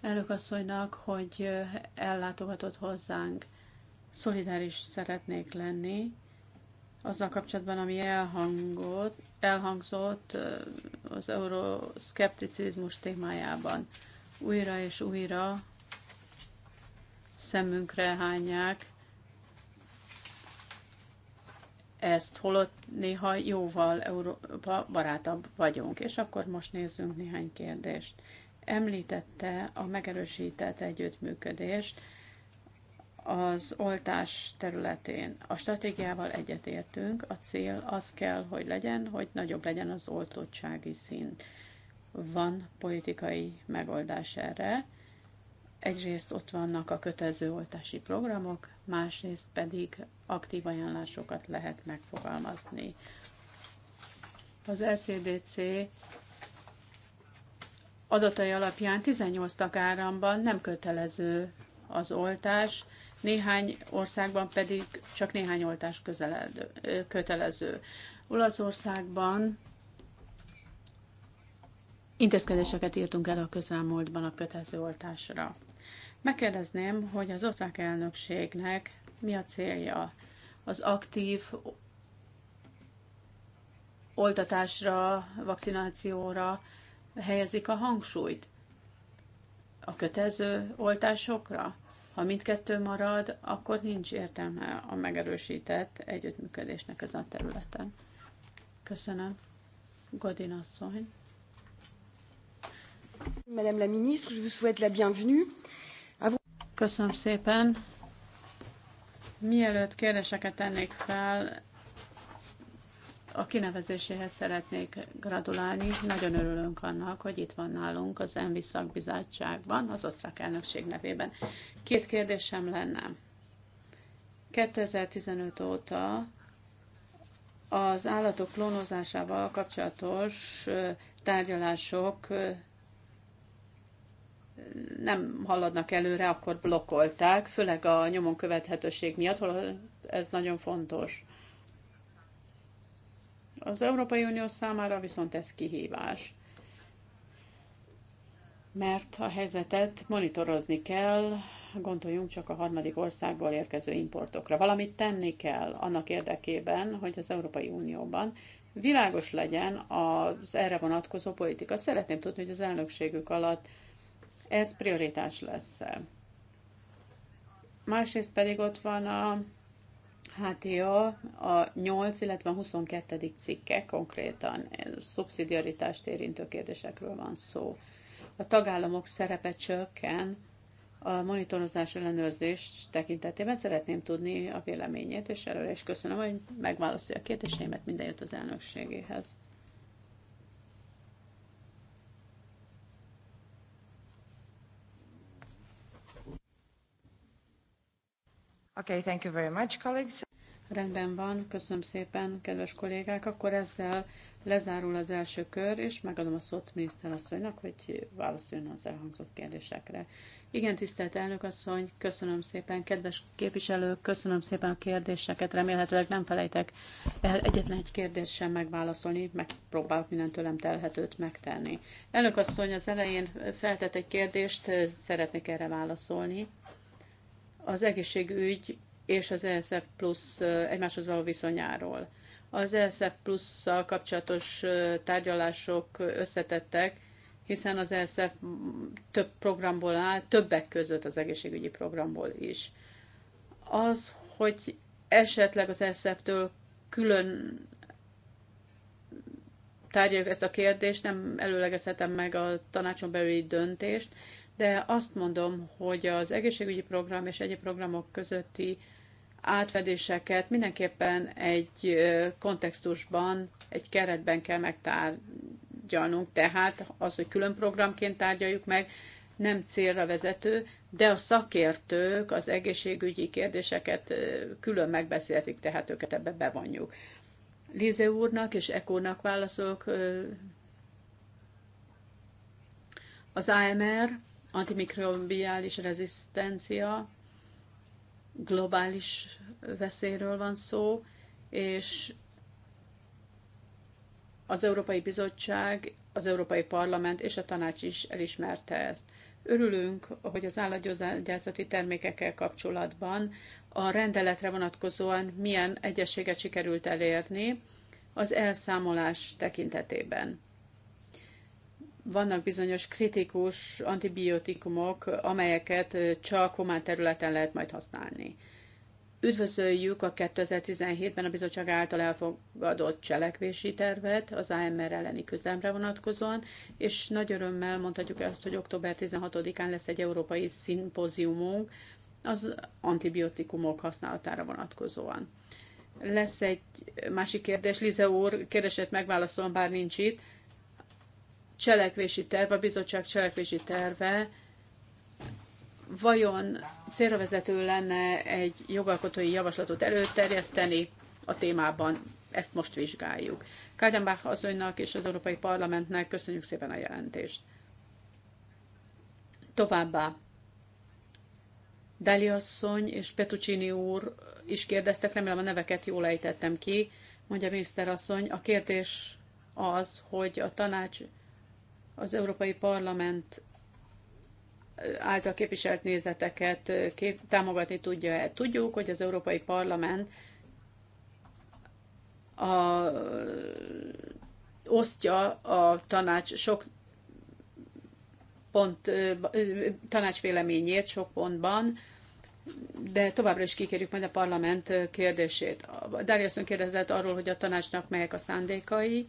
elnökasszonynak, hogy ellátogatott hozzánk. Szolidáris szeretnék lenni azzal kapcsolatban, ami elhangolt, elhangzott az euroszkepticizmus témájában. Újra és újra szemünkre hányják ezt, holott néha jóval Európa barátabb vagyunk. És akkor most nézzünk néhány kérdést. Említette a megerősített együttműködést, az oltás területén. A stratégiával egyetértünk, a cél az kell, hogy legyen, hogy nagyobb legyen az oltottsági szint. Van politikai megoldás erre. Egyrészt ott vannak a kötelező oltási programok, másrészt pedig aktív ajánlásokat lehet megfogalmazni. Az LCDC adatai alapján 18 tagállamban nem kötelező az oltás, néhány országban pedig csak néhány oltás közeled, kötelező. Olaszországban intézkedéseket írtunk el a közelmúltban a kötelező oltásra. Megkérdezném, hogy az osztrák elnökségnek mi a célja? Az aktív oltatásra, vakcinációra helyezik a hangsúlyt? A kötelező oltásokra? Ha mindkettő marad, akkor nincs értelme a megerősített együttműködésnek ezen a területen. Köszönöm. Godin asszony. Madame la ministre, je vous souhaite la bienvenue. Köszönöm szépen. Mielőtt kérdéseket tennék fel, a kinevezéséhez szeretnék gratulálni. Nagyon örülünk annak, hogy itt van nálunk az ENVI szakbizottságban, az osztrák elnökség nevében. Két kérdésem lenne. 2015 óta az állatok klónozásával kapcsolatos tárgyalások nem haladnak előre, akkor blokkolták, főleg a nyomon követhetőség miatt, hol ez nagyon fontos. Az Európai Unió számára viszont ez kihívás, mert a helyzetet monitorozni kell, gondoljunk csak a harmadik országból érkező importokra. Valamit tenni kell annak érdekében, hogy az Európai Unióban világos legyen az erre vonatkozó politika. Szeretném tudni, hogy az elnökségük alatt ez prioritás lesz. Másrészt pedig ott van a Hát HTA a 8, illetve a 22. cikke konkrétan szubszidiaritást érintő kérdésekről van szó. A tagállamok szerepe csökken a monitorozás ellenőrzés tekintetében. Szeretném tudni a véleményét, és erről is köszönöm, hogy megválaszolja a kérdéseimet, minden jött az elnökségéhez. Okay, thank you very much, colleagues. Rendben van, köszönöm szépen, kedves kollégák. Akkor ezzel lezárul az első kör, és megadom a szót miniszterasszonynak, hogy válaszoljon az elhangzott kérdésekre. Igen, tisztelt elnök asszony, köszönöm szépen, kedves képviselők, köszönöm szépen a kérdéseket, remélhetőleg nem felejtek el egyetlen egy kérdést sem megválaszolni, megpróbálok minden tőlem telhetőt megtenni. Elnök asszony az elején feltett egy kérdést, szeretnék erre válaszolni az egészségügy és az ESF plusz egymáshoz való viszonyáról. Az ESF plusszal kapcsolatos tárgyalások összetettek, hiszen az ESF több programból áll, többek között az egészségügyi programból is. Az, hogy esetleg az ESF-től külön tárgyaljuk ezt a kérdést, nem előlegezhetem meg a tanácson belüli döntést, de azt mondom, hogy az egészségügyi program és egyéb programok közötti átfedéseket mindenképpen egy kontextusban, egy keretben kell megtárgyalnunk. Tehát az, hogy külön programként tárgyaljuk meg, nem célra vezető, de a szakértők az egészségügyi kérdéseket külön megbeszélhetik, tehát őket ebbe bevonjuk. Líze úrnak és Ekónak válaszolok. Az AMR antimikrobiális rezisztencia, globális veszélyről van szó, és az Európai Bizottság, az Európai Parlament és a Tanács is elismerte ezt. Örülünk, hogy az állatgyógyászati termékekkel kapcsolatban a rendeletre vonatkozóan milyen egyességet sikerült elérni az elszámolás tekintetében vannak bizonyos kritikus antibiotikumok, amelyeket csak humán területen lehet majd használni. Üdvözöljük a 2017-ben a bizottság által elfogadott cselekvési tervet az AMR elleni küzdelemre vonatkozóan, és nagy örömmel mondhatjuk ezt, hogy október 16-án lesz egy európai szimpóziumunk az antibiotikumok használatára vonatkozóan. Lesz egy másik kérdés, Lize úr kérdését megválaszolom, bár nincs itt, cselekvési terv, a bizottság cselekvési terve vajon célra vezető lenne egy jogalkotói javaslatot előterjeszteni a témában. Ezt most vizsgáljuk. Kádenbach asszonynak és az Európai Parlamentnek köszönjük szépen a jelentést. Továbbá Dali asszony és Petucini úr is kérdeztek, remélem a neveket jól ejtettem ki, mondja miniszterasszony. A kérdés az, hogy a tanács az Európai Parlament által képviselt nézeteket kép, támogatni tudja-e. Tudjuk, hogy az Európai Parlament a, osztja a tanács sok pont, tanács véleményét sok pontban, de továbbra is kikérjük majd a parlament kérdését. Dália kérdezett arról, hogy a tanácsnak melyek a szándékai,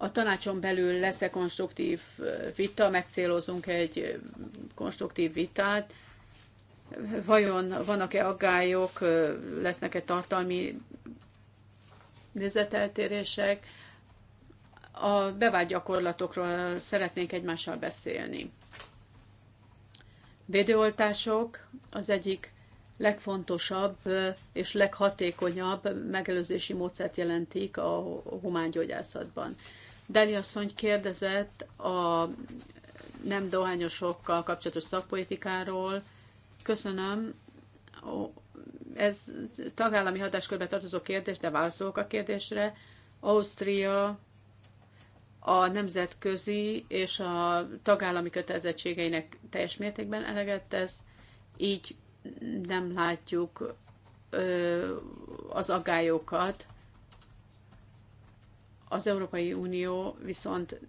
a tanácson belül lesz-e konstruktív vita, megcélozunk egy konstruktív vitát, vajon vannak-e aggályok, lesznek-e tartalmi nézeteltérések, a bevált gyakorlatokról szeretnénk egymással beszélni. Védőoltások az egyik legfontosabb és leghatékonyabb megelőzési módszert jelentik a humán gyógyászatban. Deli asszony kérdezett a nem dohányosokkal kapcsolatos szakpolitikáról. Köszönöm. Ez tagállami hatáskörbe tartozó kérdés, de válaszolok a kérdésre. Ausztria a nemzetközi és a tagállami kötelezettségeinek teljes mértékben eleget tesz, így nem látjuk az agályokat, az Európai Unió viszont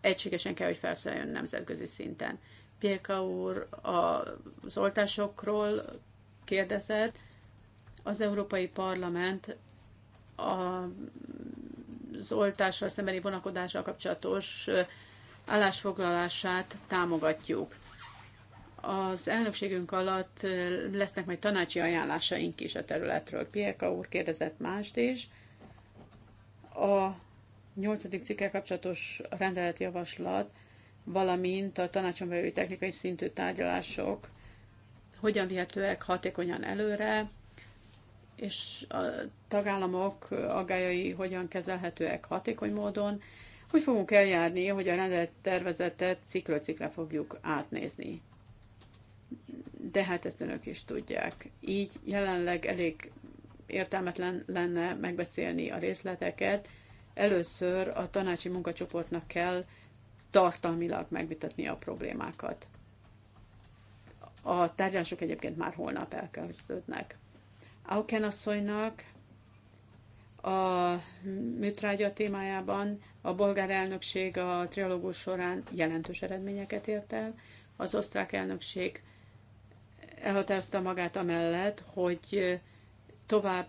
egységesen kell, hogy felszóljon nemzetközi szinten. Pilka úr az oltásokról kérdezett. Az Európai Parlament az oltással szembeni vonakodással kapcsolatos állásfoglalását támogatjuk. Az elnökségünk alatt lesznek majd tanácsi ajánlásaink is a területről. Pieka úr kérdezett mást is. A 8. cikkel kapcsolatos rendeletjavaslat, valamint a tanácson belüli technikai szintű tárgyalások hogyan vihetőek hatékonyan előre, és a tagállamok agályai hogyan kezelhetőek hatékony módon, hogy fogunk eljárni, hogy a rendelet tervezetet cikről cikre fogjuk átnézni. De hát ezt önök is tudják. Így jelenleg elég értelmetlen lenne megbeszélni a részleteket, Először a tanácsi munkacsoportnak kell tartalmilag megvitatni a problémákat. A tárgyalások egyébként már holnap elkezdődnek. Auken asszonynak a műtrágya témájában a bolgár elnökség a trialógus során jelentős eredményeket ért el. Az osztrák elnökség elhatározta magát amellett, hogy tovább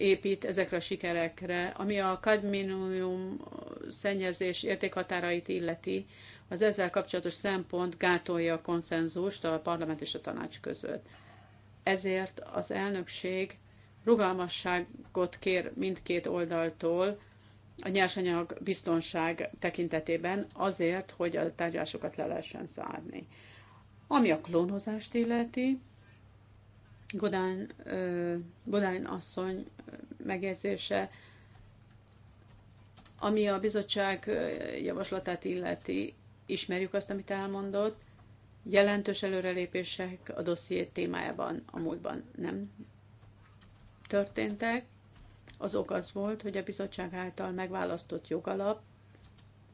épít ezekre a sikerekre. Ami a kadminium szennyezés értékhatárait illeti, az ezzel kapcsolatos szempont gátolja a konszenzust a parlament és a tanács között. Ezért az elnökség rugalmasságot kér mindkét oldaltól a nyersanyag biztonság tekintetében azért, hogy a tárgyalásokat le lehessen zárni. Ami a klónozást illeti, Godán, Godán asszony megjegyzése, ami a bizottság javaslatát illeti, ismerjük azt, amit elmondott, jelentős előrelépések a dossziét témájában a múltban nem történtek. Az ok az volt, hogy a bizottság által megválasztott jogalap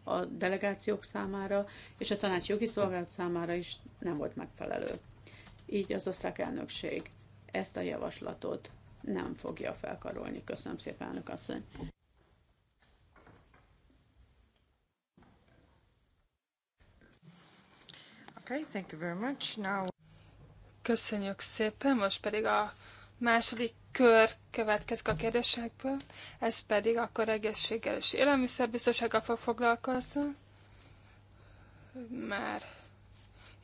a delegációk számára és a tanács jogi szolgálat számára is nem volt megfelelő. Így az osztrák elnökség ezt a javaslatot nem fogja felkarolni. Köszönöm szépen, elnök asszony. Okay, thank you very much. Now... Köszönjük szépen, most pedig a második kör következik a kérdésekből, ez pedig akkor egészséggel és élelmiszerbiztonsággal fog foglalkozni. Már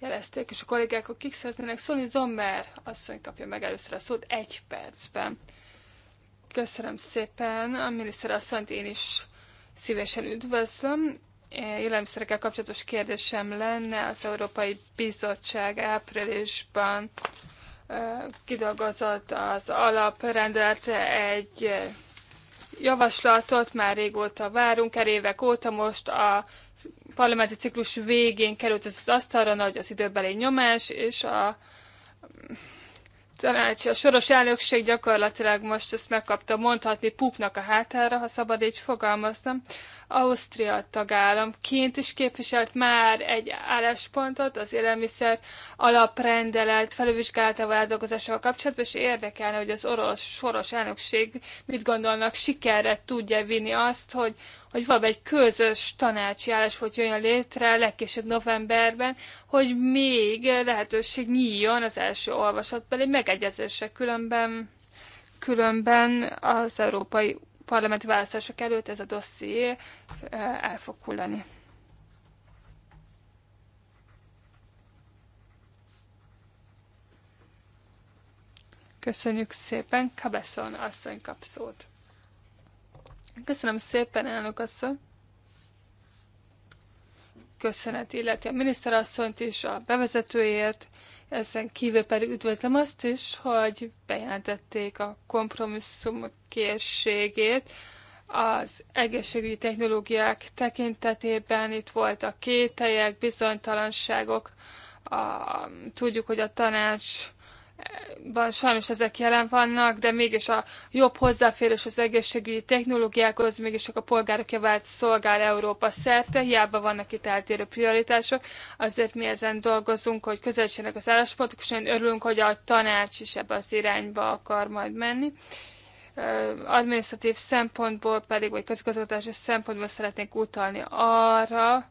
jelezték, és a kollégák, akik szeretnének szólni, Zommer asszony kapja meg először a szót egy percben. Köszönöm szépen, a miniszter asszonyt én is szívesen üdvözlöm. Élelmiszerekkel kapcsolatos kérdésem lenne, az Európai Bizottság áprilisban kidolgozott az alaprendelet egy javaslatot, már régóta várunk, el évek óta most a parlamenti ciklus végén került ez az asztalra, nagy az időbeli nyomás, és a tanács, a soros elnökség gyakorlatilag most ezt megkapta mondhatni puknak a hátára, ha szabad így fogalmaznom. Ausztria tagállamként is képviselt már egy álláspontot az élelmiszer alaprendelet felülvizsgálatával eldolgozásával kapcsolatban, és érdekelne, hogy az orosz soros elnökség mit gondolnak, sikerre tudja vinni azt, hogy hogy van egy közös tanácsi hogy jön létre legkésőbb novemberben, hogy még lehetőség nyíljon az első olvasatbeli megegyezésre, különben, különben az Európai Parlamenti választások előtt ez a dosszié eh, el fog hullani. Köszönjük szépen, Kabeszon asszony kap szót. Köszönöm szépen, elnök asszony! Köszönet illeti a miniszterasszonyt is a bevezetőért, ezen kívül pedig üdvözlöm azt is, hogy bejelentették a kompromisszum készségét az egészségügyi technológiák tekintetében. Itt voltak kételyek, bizonytalanságok, a, tudjuk, hogy a tanács sajnos ezek jelen vannak, de mégis a jobb hozzáférés az egészségügyi technológiákhoz mégis csak a polgárok javát szolgál Európa szerte, hiába vannak itt eltérő prioritások, azért mi ezen dolgozunk, hogy közelítsenek az álláspontok, és én örülünk, hogy a tanács is ebbe az irányba akar majd menni. Administratív szempontból pedig, vagy közigazgatási szempontból szeretnék utalni arra,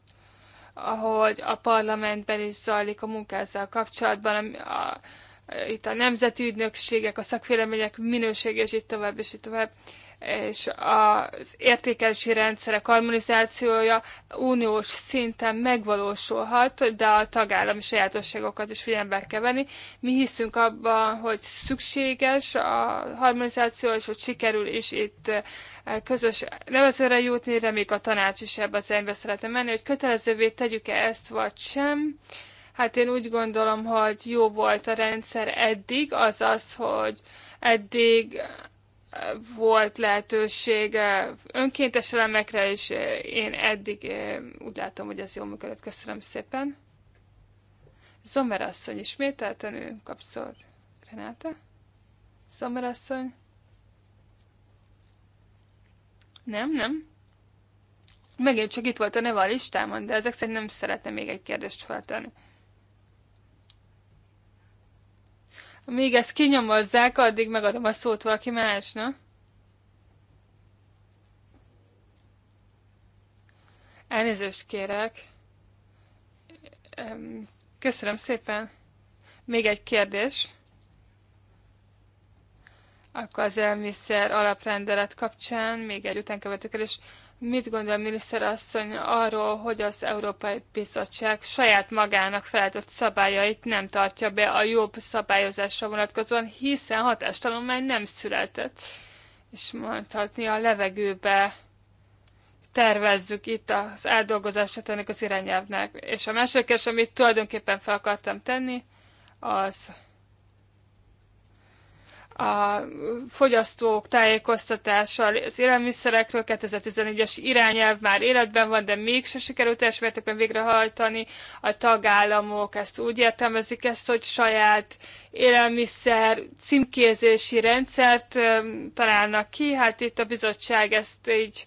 ahogy a parlamentben is zajlik a munka ezzel kapcsolatban, a, a, Eh, itt a nemzeti ügynökségek, a szakvélemények minősége, és így tovább, és így tovább és az értékelési rendszerek harmonizációja uniós szinten megvalósulhat, de a tagállami sajátosságokat is figyelembe kell venni. Mi hiszünk abban, hogy szükséges a harmonizáció, és hogy sikerül is itt eh, közös nevezőre jutni, reméljük a tanács is ebbe az szeretne menni, hogy kötelezővé tegyük-e ezt vagy sem. Hát én úgy gondolom, hogy jó volt a rendszer eddig, azaz, hogy eddig eh, volt lehetőség önkéntes elemekre, és eh, én eddig eh, úgy látom, hogy ez jól működött. Köszönöm szépen. Zomerasszony, ismételten ő kap Renáta? Zomerasszony? Nem, nem. Megint csak itt volt a neve a listámon, de ezek szerint nem szeretne még egy kérdést feltenni. Míg ezt kinyomozzák, addig megadom a szót valaki másnak. Elnézést kérek. Köszönöm szépen. Még egy kérdés akkor az elmiszer alaprendelet kapcsán még egy után követők el, és mit gondol a asszony arról, hogy az Európai Bizottság saját magának felállított szabályait nem tartja be a jobb szabályozásra vonatkozóan, hiszen hatástanulmány nem született, és mondhatni a levegőbe tervezzük itt az eldolgozását ennek az irányelvnek. És a második kérdés, amit tulajdonképpen fel akartam tenni, az a fogyasztók tájékoztatása az élelmiszerekről 2014-es irányelv már életben van, de mégse sikerült teljes mértékben végrehajtani. A tagállamok ezt úgy értelmezik ezt, hogy saját élelmiszer címkézési rendszert találnak ki. Hát itt a bizottság ezt így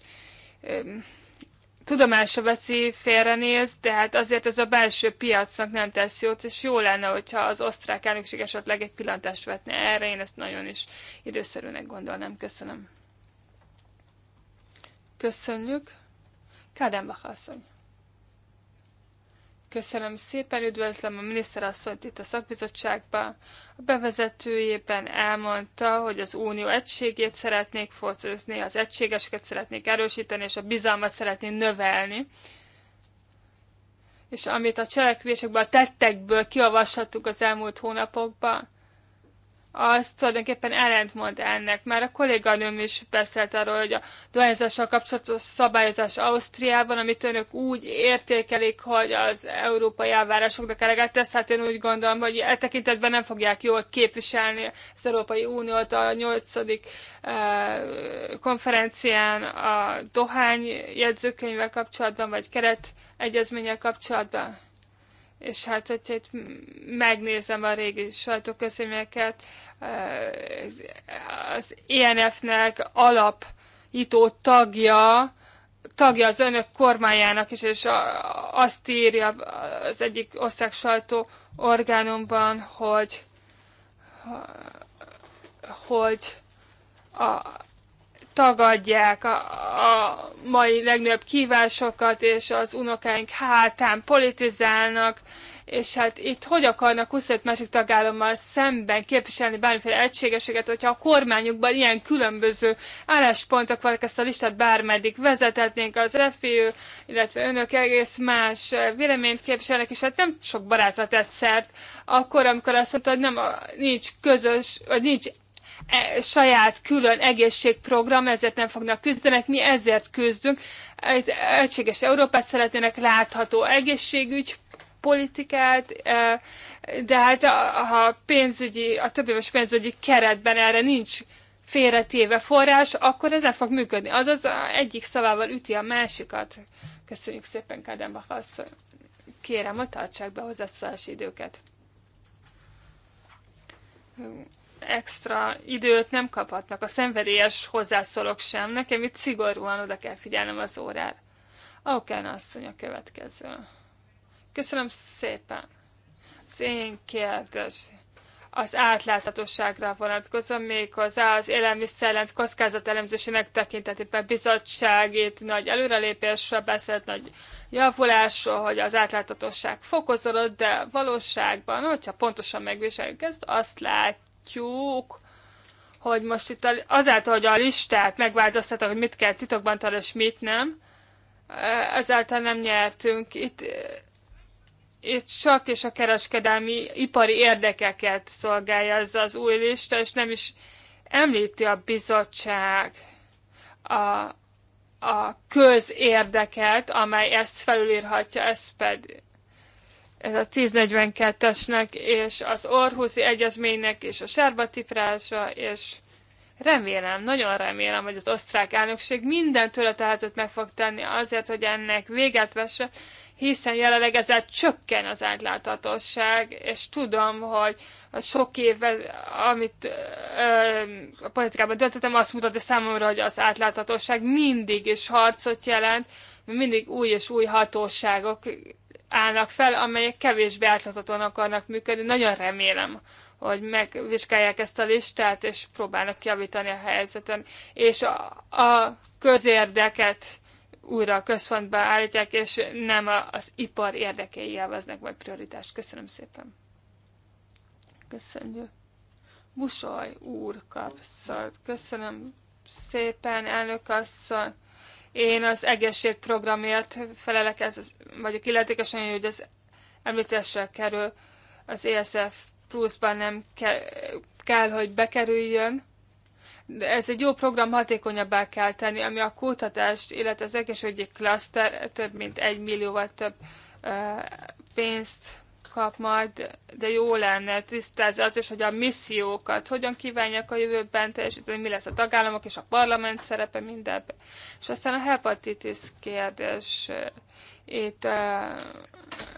tudomásra veszi, félrenéz, de hát azért ez a belső piacnak nem tesz jót, és jó lenne, hogyha az osztrák elnökség esetleg egy pillantást vetne erre, én ezt nagyon is időszerűnek gondolnám. Köszönöm. Köszönjük. Kádenbach asszony. Köszönöm szépen, üdvözlöm a miniszterasszonyt itt a szakbizottságba. A bevezetőjében elmondta, hogy az unió egységét szeretnék focozni, az egységeseket szeretnék erősíteni, és a bizalmat szeretnék növelni. És amit a cselekvésekből, a tettekből kiavaslattuk az elmúlt hónapokban, az tulajdonképpen ellentmond ennek. Már a kolléganőm is beszélt arról, hogy a dohányzással kapcsolatos szabályozás Ausztriában, amit önök úgy értékelik, hogy az európai elvárásoknak eleget tesz, hát én úgy gondolom, hogy e tekintetben nem fogják jól képviselni az Európai Uniót a 8. Eh, konferencián a dohány jegyzőkönyvvel kapcsolatban, vagy keret egyezménnyel kapcsolatban és hát, hogyha itt megnézem a régi sajtóközleményeket, eh, az INF-nek e alapító tagja, tagja az önök kormányának is, és azt írja az egyik ország sajtó orgánumban, hogy hogy a, tagadják a, a mai legnagyobb kívásokat, és az unokáink hátán politizálnak, és hát itt hogy akarnak 25 másik tagállammal szemben képviselni bármiféle egységeséget, hogyha a kormányukban ilyen különböző álláspontok vannak, ezt a listát bármeddig vezetetnénk, az FIU, illetve önök egész más véleményt képviselnek, és hát nem sok barátra tett szert, akkor, amikor azt mondta, hogy nem, nincs közös, vagy nincs E, saját külön egészségprogram, ezért nem fognak küzdenek, mi ezért küzdünk. Egy egységes Európát szeretnének látható egészségügy, politikát, e, de hát ha pénzügyi, a több éves pénzügyi keretben erre nincs félretéve forrás, akkor ez nem fog működni. Azaz egyik szavával üti a másikat. Köszönjük szépen, Kádenbach asszony. Kérem, hogy tartsák be hozzászólási időket extra időt nem kaphatnak, a szenvedélyes hozzászólók sem. Nekem itt szigorúan oda kell figyelnem az órára. Aukán asszony a következő. Köszönöm szépen. Az én kérdés az átláthatóságra vonatkozom, méghozzá az élelmiszerlenc kockázat elemzésének tekintetében bizottságét nagy előrelépésről beszélt, nagy javulásról, hogy az átláthatóság fokozódott, de valóságban, hogyha pontosan megvizsgáljuk ezt, azt látjuk, látjuk, hogy most itt azáltal, hogy a listát megváltoztatok, hogy mit kell titokban tartani, és mit nem, ezáltal nem nyertünk. Itt, itt csak és a kereskedelmi ipari érdekeket szolgálja ez az új lista, és nem is említi a bizottság a, a közérdeket, amely ezt felülírhatja, ez pedig ez a 1042-esnek, és az Orhuszi Egyezménynek, és a tiprása, és remélem, nagyon remélem, hogy az osztrák elnökség minden tőle tehetőt meg fog tenni azért, hogy ennek véget vesse, hiszen jelenleg ezzel csökken az átláthatóság, és tudom, hogy a sok év, amit ö, a politikában döntöttem, azt mutatta számomra, hogy az átláthatóság mindig is harcot jelent, mindig új és új hatóságok állnak fel, amelyek kevésbé átláthatóan akarnak működni. Nagyon remélem, hogy megvizsgálják ezt a listát, és próbálnak javítani a helyzeten, és a, a közérdeket újra a központba állítják, és nem az ipar érdekei jelveznek majd prioritást. Köszönöm szépen. Köszönjük. Busoly úr kapszat. Köszönöm szépen, elnök asszony. Én az egészségprogramért felelek, ez, vagyok illetékesen, hogy az említésre kerül az ESF pluszban nem ke- kell, hogy bekerüljön. De ez egy jó program, hatékonyabbá kell tenni, ami a kutatást, illetve az egészségügyi klaszter több mint egy millióval több pénzt kap majd, de jó lenne tisztázni az is, hogy a missziókat hogyan kívánják a jövőben teljesíteni, mi lesz a tagállamok és a parlament szerepe mindebben. És aztán a hepatitis kérdés itt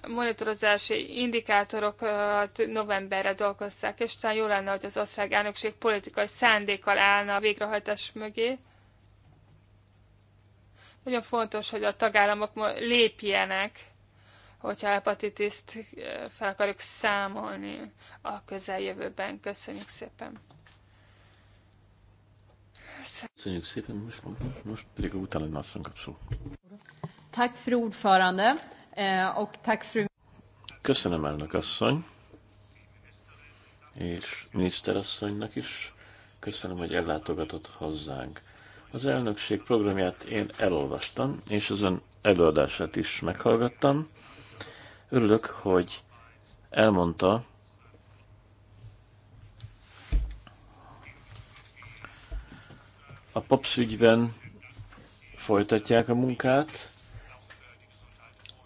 monitorozási indikátorokat novemberre dolgozzák, és talán jó lenne, hogy az ország elnökség politikai szándékkal állna a végrehajtás mögé. Nagyon fontos, hogy a tagállamok lépjenek hogyha hepatitiszt eh, fel akarjuk számolni a közeljövőben. Köszönjük szépen! Köszönjük szépen, most, most pedig utána nasszony kapszul. Tack fru ordförande, eh, och fru... Köszönöm elnök asszony, és miniszterasszonynak is. Köszönöm, hogy ellátogatott hozzánk. Az elnökség programját én elolvastam, és az ön előadását is meghallgattam. Örülök, hogy elmondta, a PAPS ügyben folytatják a munkát,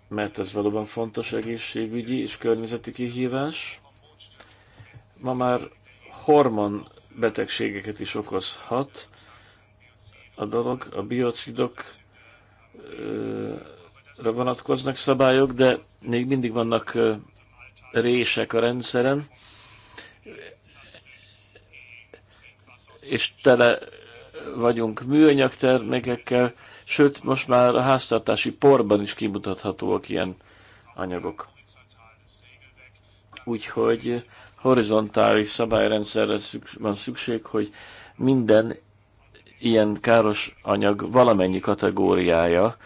mert ez valóban fontos egészségügyi és környezeti kihívás. Ma már hormon betegségeket is okozhat a dolog, a biocidok vonatkoznak szabályok, de még mindig vannak rések a rendszeren, és tele vagyunk műanyag termékekkel, sőt, most már a háztartási porban is kimutathatóak ilyen anyagok. Úgyhogy horizontális szabályrendszerre van szükség, hogy minden ilyen káros anyag valamennyi kategóriája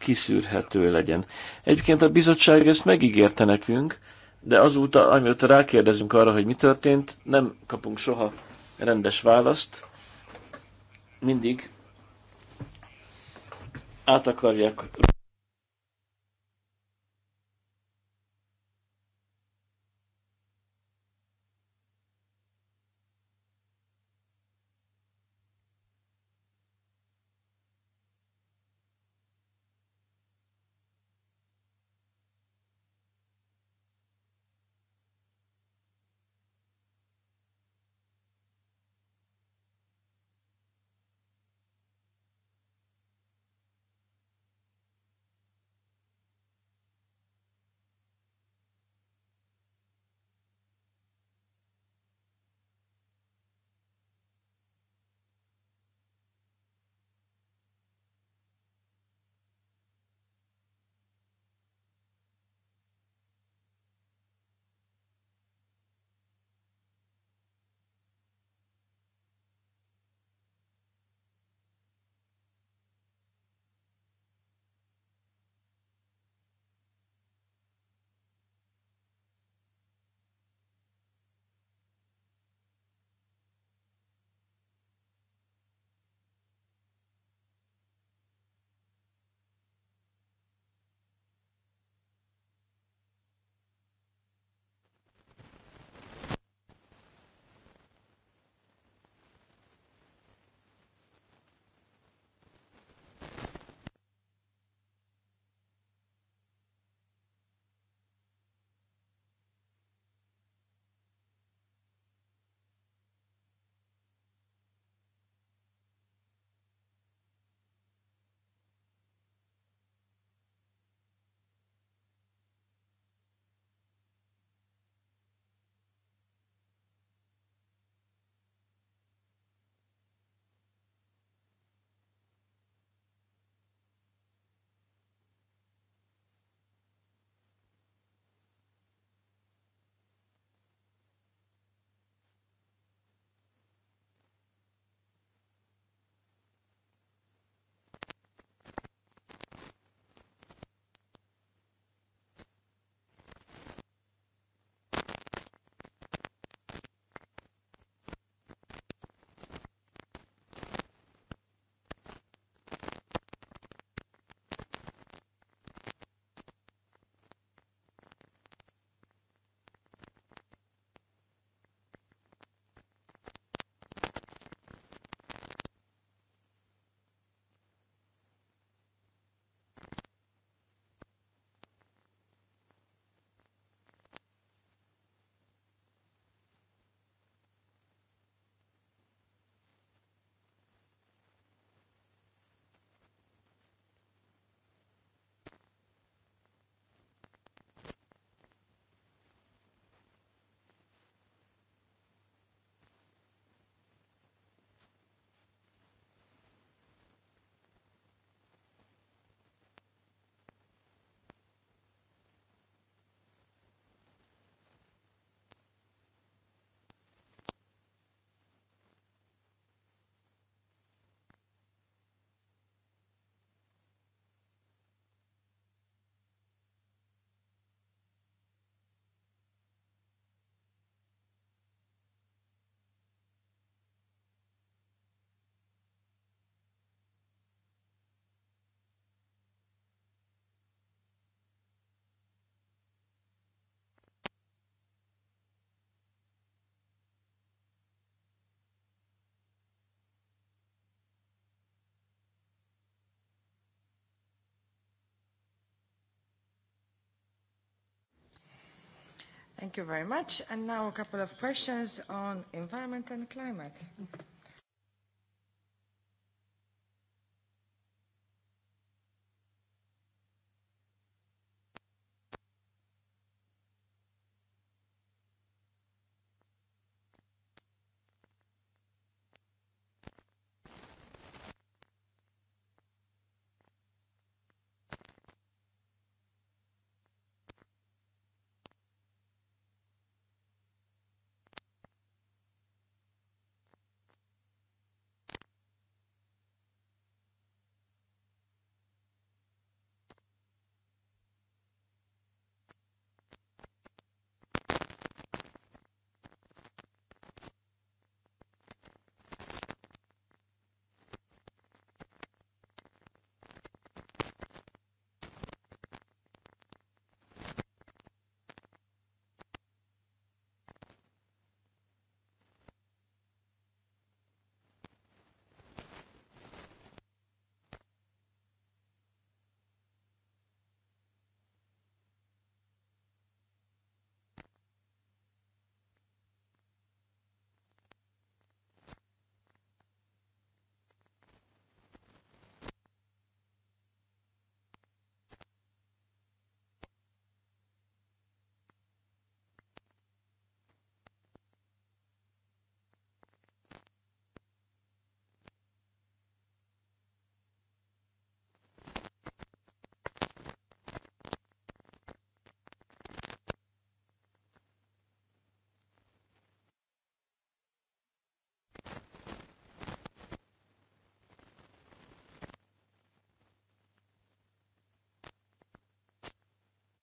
kiszűrhető legyen. Egyébként a bizottság ezt megígérte nekünk, de azóta, amióta rákérdezünk arra, hogy mi történt, nem kapunk soha rendes választ. Mindig át akarják Thank you very much. And now a couple of questions on environment and climate.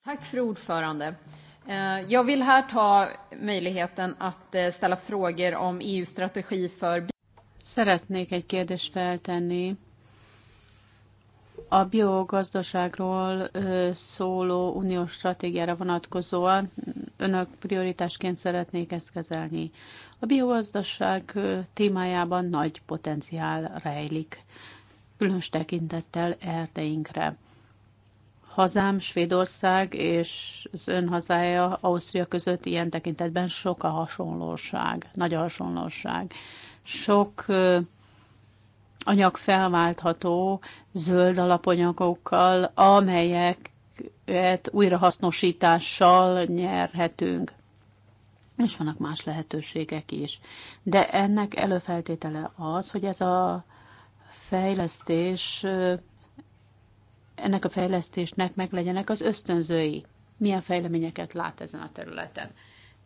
Tack för ordförande. Eh, jag vill här ta möjligheten att eh, ställa frågor om EU:s strategi för Szeretnék egy kérdést feltenni a biogazdaságról szóló uniós stratégiára vonatkozóan. Önök prioritásként szeretnék ezt kezelni. A biogazdaság témájában nagy potenciál rejlik, különös tekintettel erdeinkre hazám, Svédország és az ön hazája, Ausztria között ilyen tekintetben sok a hasonlóság, nagy a hasonlóság. Sok anyag felváltható zöld alapanyagokkal, amelyeket újrahasznosítással nyerhetünk. És vannak más lehetőségek is. De ennek előfeltétele az, hogy ez a fejlesztés ennek a fejlesztésnek meglegyenek az ösztönzői. Milyen fejleményeket lát ezen a területen?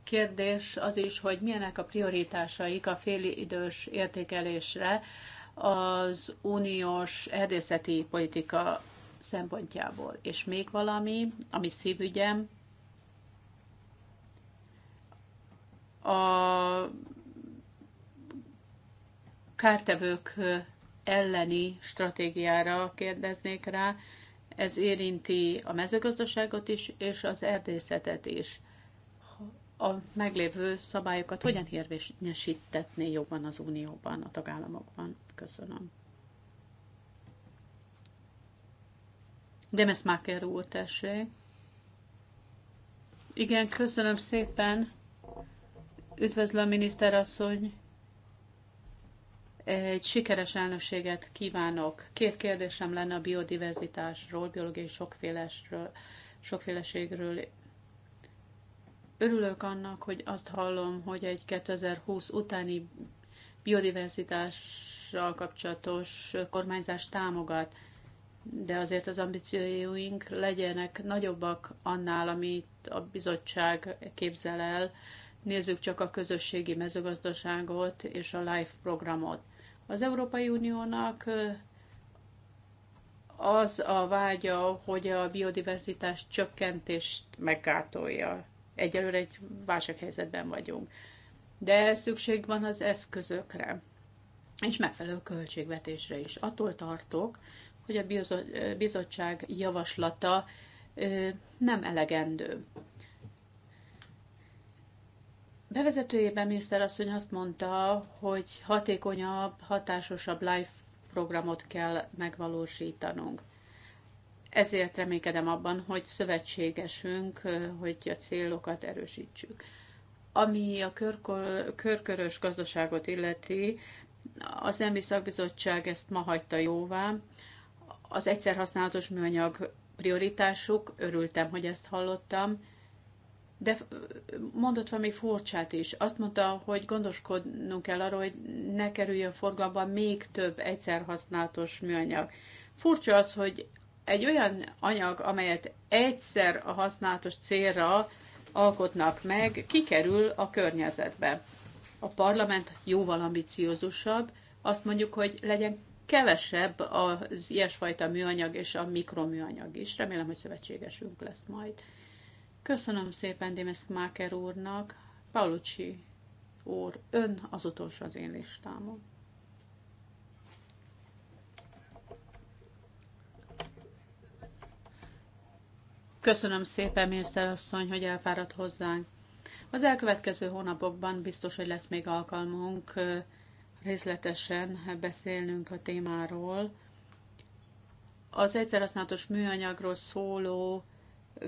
Kérdés az is, hogy milyenek a prioritásaik a félidős értékelésre az uniós erdészeti politika szempontjából. És még valami, ami szívügyem, a kártevők elleni stratégiára kérdeznék rá. Ez érinti a mezőgazdaságot is, és az erdészetet is. A meglévő szabályokat hogyan érvényesítetné jobban az Unióban, a tagállamokban? Köszönöm. Demeszmáker úr, tessék. Igen, köszönöm szépen. Üdvözlöm, miniszterasszony. Egy sikeres elnökséget kívánok. Két kérdésem lenne a biodiverzitásról, biológiai sokféleségről. Örülök annak, hogy azt hallom, hogy egy 2020 utáni biodiverzitással kapcsolatos kormányzást támogat, de azért az ambícióink legyenek nagyobbak annál, amit a bizottság képzel el. Nézzük csak a közösségi mezőgazdaságot és a LIFE programot. Az Európai Uniónak az a vágya, hogy a biodiverzitás csökkentést meggátolja. Egyelőre egy válsághelyzetben vagyunk. De szükség van az eszközökre, és megfelelő költségvetésre is. Attól tartok, hogy a bizottság javaslata nem elegendő bevezetőjében asszony azt mondta, hogy hatékonyabb, hatásosabb live programot kell megvalósítanunk. Ezért reménykedem abban, hogy szövetségesünk, hogy a célokat erősítsük. Ami a körkörös gazdaságot illeti, az nemi szakbizottság ezt ma hagyta jóvá. Az egyszer használatos műanyag prioritásuk, örültem, hogy ezt hallottam, de mondott valami furcsát is. Azt mondta, hogy gondoskodnunk kell arról, hogy ne kerüljön forgalomba még több egyszer használatos műanyag. Furcsa az, hogy egy olyan anyag, amelyet egyszer a használatos célra alkotnak meg, kikerül a környezetbe. A parlament jóval ambiciózusabb, azt mondjuk, hogy legyen kevesebb az ilyesfajta műanyag és a mikroműanyag is. Remélem, hogy szövetségesünk lesz majd. Köszönöm szépen Démes Máker úrnak. Paulucci úr, ön az utolsó az én listámon. Köszönöm szépen, miniszterasszony, hogy elfáradt hozzánk. Az elkövetkező hónapokban biztos, hogy lesz még alkalmunk részletesen beszélnünk a témáról. Az egyszerhasználatos műanyagról szóló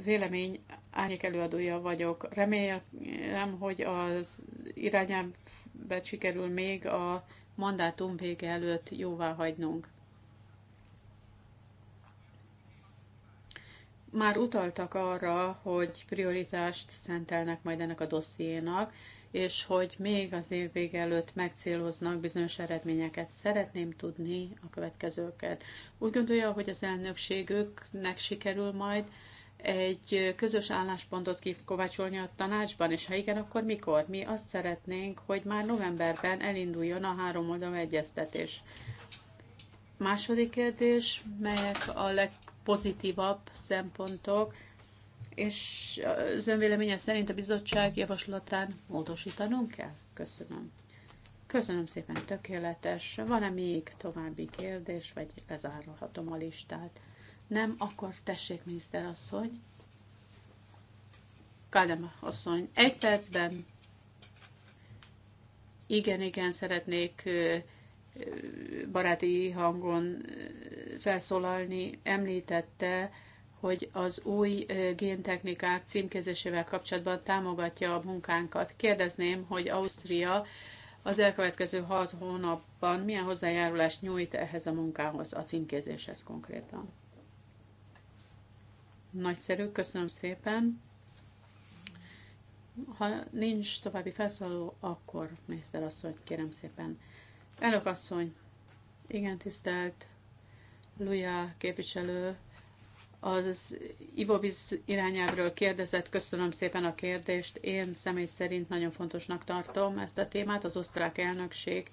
vélemény árnyék előadója vagyok. Remélem, hogy az irányába sikerül még a mandátum vége előtt jóvá hagynunk. Már utaltak arra, hogy prioritást szentelnek majd ennek a dossziénak, és hogy még az év vége előtt megcéloznak bizonyos eredményeket. Szeretném tudni a következőket. Úgy gondolja, hogy az elnökségüknek sikerül majd egy közös álláspontot kikovácsolni a tanácsban, és ha igen, akkor mikor? Mi azt szeretnénk, hogy már novemberben elinduljon a három oldalú egyeztetés. Második kérdés, melyek a legpozitívabb szempontok, és az önvéleménye szerint a bizottság javaslatán módosítanunk kell? Köszönöm. Köszönöm szépen, tökéletes. Van-e még további kérdés, vagy lezárhatom a listát? Nem, akkor tessék, asszony. Kádem asszony, egy percben. Igen, igen, szeretnék baráti hangon felszólalni. Említette, hogy az új géntechnikák címkézésével kapcsolatban támogatja a munkánkat. Kérdezném, hogy Ausztria az elkövetkező hat hónapban milyen hozzájárulást nyújt ehhez a munkához, a címkézéshez konkrétan. Nagyszerű, köszönöm szépen. Ha nincs további felszóló, akkor asszony, kérem szépen. Elnök asszony, igen tisztelt Luja képviselő, az ivóvíz irányábról kérdezett, köszönöm szépen a kérdést. Én személy szerint nagyon fontosnak tartom ezt a témát. Az osztrák elnökség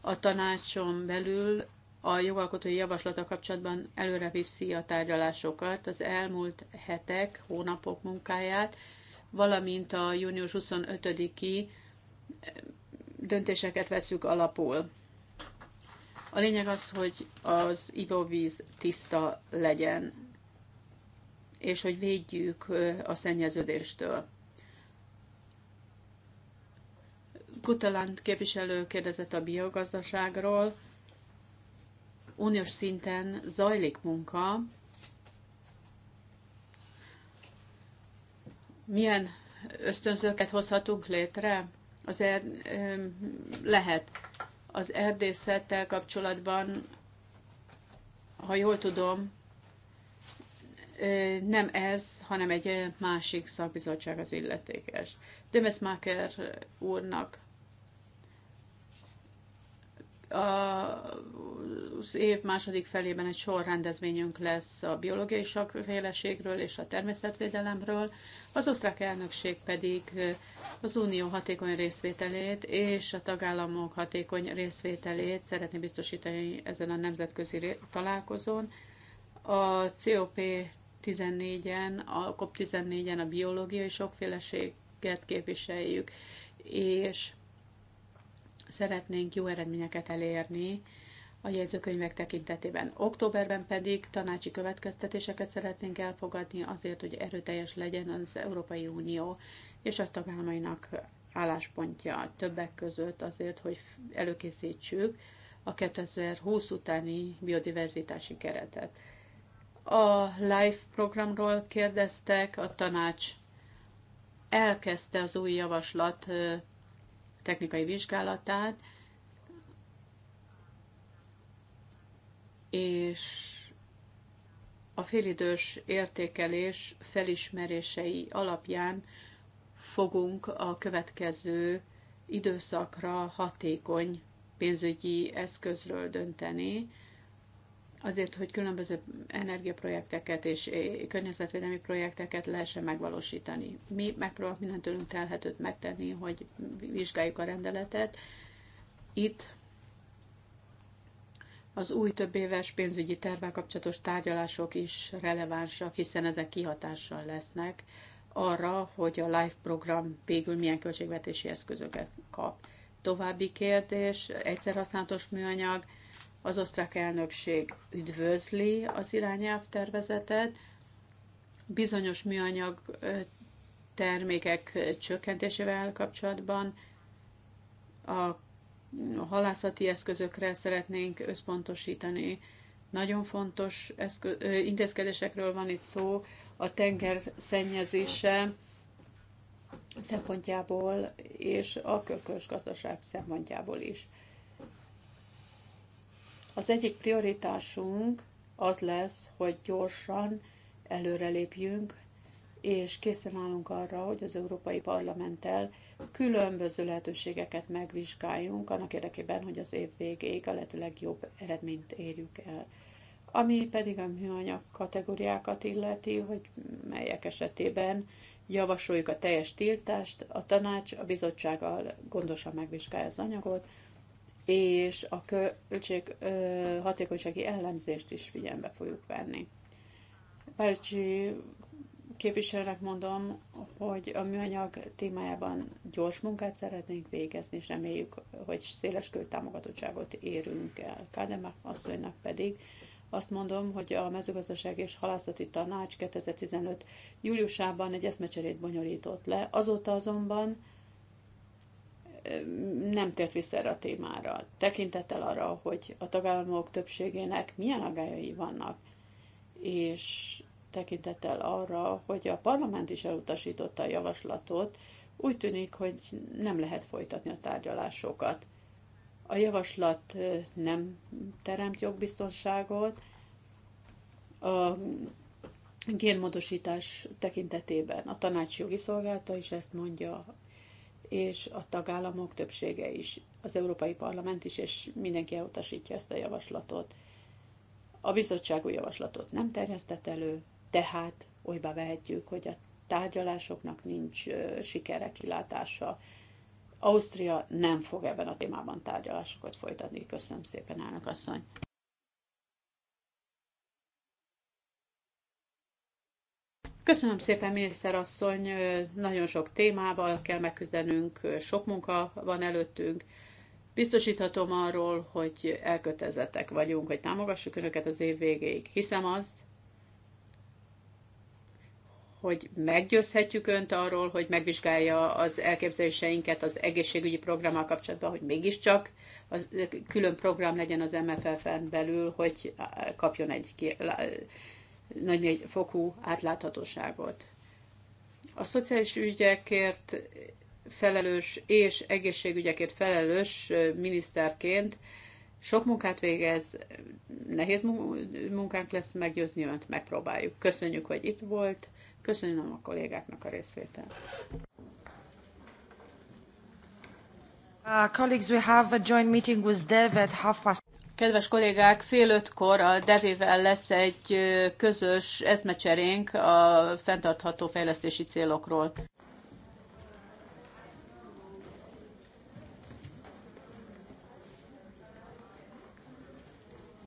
a tanácson belül a jogalkotói javaslata kapcsolatban előre viszi a tárgyalásokat, az elmúlt hetek, hónapok munkáját, valamint a június 25-i eh, döntéseket veszük alapul. A lényeg az, hogy az ivóvíz tiszta legyen, és hogy védjük eh, a szennyeződéstől. Kutaland képviselő kérdezett a biogazdaságról. Uniós szinten zajlik munka, milyen ösztönzőket hozhatunk létre? Az er, lehet. Az erdészettel kapcsolatban, ha jól tudom, nem ez, hanem egy másik szakbizottság az illetékes. Demes Máker úrnak az év második felében egy sor rendezvényünk lesz a biológiai sokféleségről és a természetvédelemről, az osztrák elnökség pedig az unió hatékony részvételét és a tagállamok hatékony részvételét szeretné biztosítani ezen a nemzetközi találkozón. A COP14-en, a COP14-en a biológiai sokféleséget képviseljük, és Szeretnénk jó eredményeket elérni a jegyzőkönyvek tekintetében. Októberben pedig tanácsi következtetéseket szeretnénk elfogadni azért, hogy erőteljes legyen az Európai Unió és a tagállamainak álláspontja többek között azért, hogy előkészítsük a 2020 utáni biodiverzitási keretet. A LIFE programról kérdeztek, a tanács elkezdte az új javaslat technikai vizsgálatát, és a félidős értékelés felismerései alapján fogunk a következő időszakra hatékony pénzügyi eszközről dönteni, azért, hogy különböző energiaprojekteket és eh, környezetvédelmi projekteket lehessen megvalósítani. Mi megpróbálunk mindent tőlünk telhetőt megtenni, hogy vizsgáljuk a rendeletet. Itt az új több éves pénzügyi tervvel kapcsolatos tárgyalások is relevánsak, hiszen ezek kihatással lesznek arra, hogy a LIFE program végül milyen költségvetési eszközöket kap. További kérdés, egyszer használatos műanyag, az osztrák elnökség üdvözli az irányelvtervezetet, bizonyos műanyag termékek csökkentésével kapcsolatban a halászati eszközökre szeretnénk összpontosítani. Nagyon fontos eszköz, intézkedésekről van itt szó, a tenger szennyezése szempontjából és a kökös gazdaság szempontjából is. Az egyik prioritásunk az lesz, hogy gyorsan előrelépjünk, és készen állunk arra, hogy az Európai Parlamenttel különböző lehetőségeket megvizsgáljunk, annak érdekében, hogy az év végéig a lehető legjobb eredményt érjük el. Ami pedig a műanyag kategóriákat illeti, hogy melyek esetében javasoljuk a teljes tiltást, a tanács a bizottsággal gondosan megvizsgálja az anyagot, és a költség hatékonysági ellenzést is figyelembe fogjuk venni. Bácsi képviselőnek mondom, hogy a műanyag témájában gyors munkát szeretnénk végezni, és reméljük, hogy széles támogatottságot érünk el. Kádemák asszonynak pedig azt mondom, hogy a mezőgazdaság és halászati tanács 2015. júliusában egy eszmecserét bonyolított le. Azóta azonban nem tért vissza erre a témára. Tekintettel arra, hogy a tagállamok többségének milyen agályai vannak, és tekintettel arra, hogy a parlament is elutasította a javaslatot, úgy tűnik, hogy nem lehet folytatni a tárgyalásokat. A javaslat nem teremt jogbiztonságot, a génmódosítás tekintetében. A tanács jogi szolgálata is ezt mondja, és a tagállamok többsége is, az Európai Parlament is, és mindenki elutasítja ezt a javaslatot. A bizottságú új javaslatot nem terjesztett elő, tehát olyba vehetjük, hogy a tárgyalásoknak nincs sikere kilátása. Ausztria nem fog ebben a témában tárgyalásokat folytatni. Köszönöm szépen, elnök asszony. Köszönöm szépen, miniszterasszony, nagyon sok témával kell megküzdenünk, sok munka van előttünk. Biztosíthatom arról, hogy elkötelezettek vagyunk, hogy támogassuk Önöket az év végéig. Hiszem azt, hogy meggyőzhetjük Önt arról, hogy megvizsgálja az elképzeléseinket az egészségügyi programmal kapcsolatban, hogy mégiscsak az külön program legyen az MFF-en belül, hogy kapjon egy nagy fokú átláthatóságot. A szociális ügyekért felelős és egészségügyekért felelős miniszterként sok munkát végez, nehéz munkánk lesz meggyőzni önt, megpróbáljuk. Köszönjük, hogy itt volt, köszönöm a kollégáknak a részvételt. Uh, colleagues, we have a joint meeting with Dev at half past Kedves kollégák, fél ötkor a Devével lesz egy közös eszmecserénk a fenntartható fejlesztési célokról.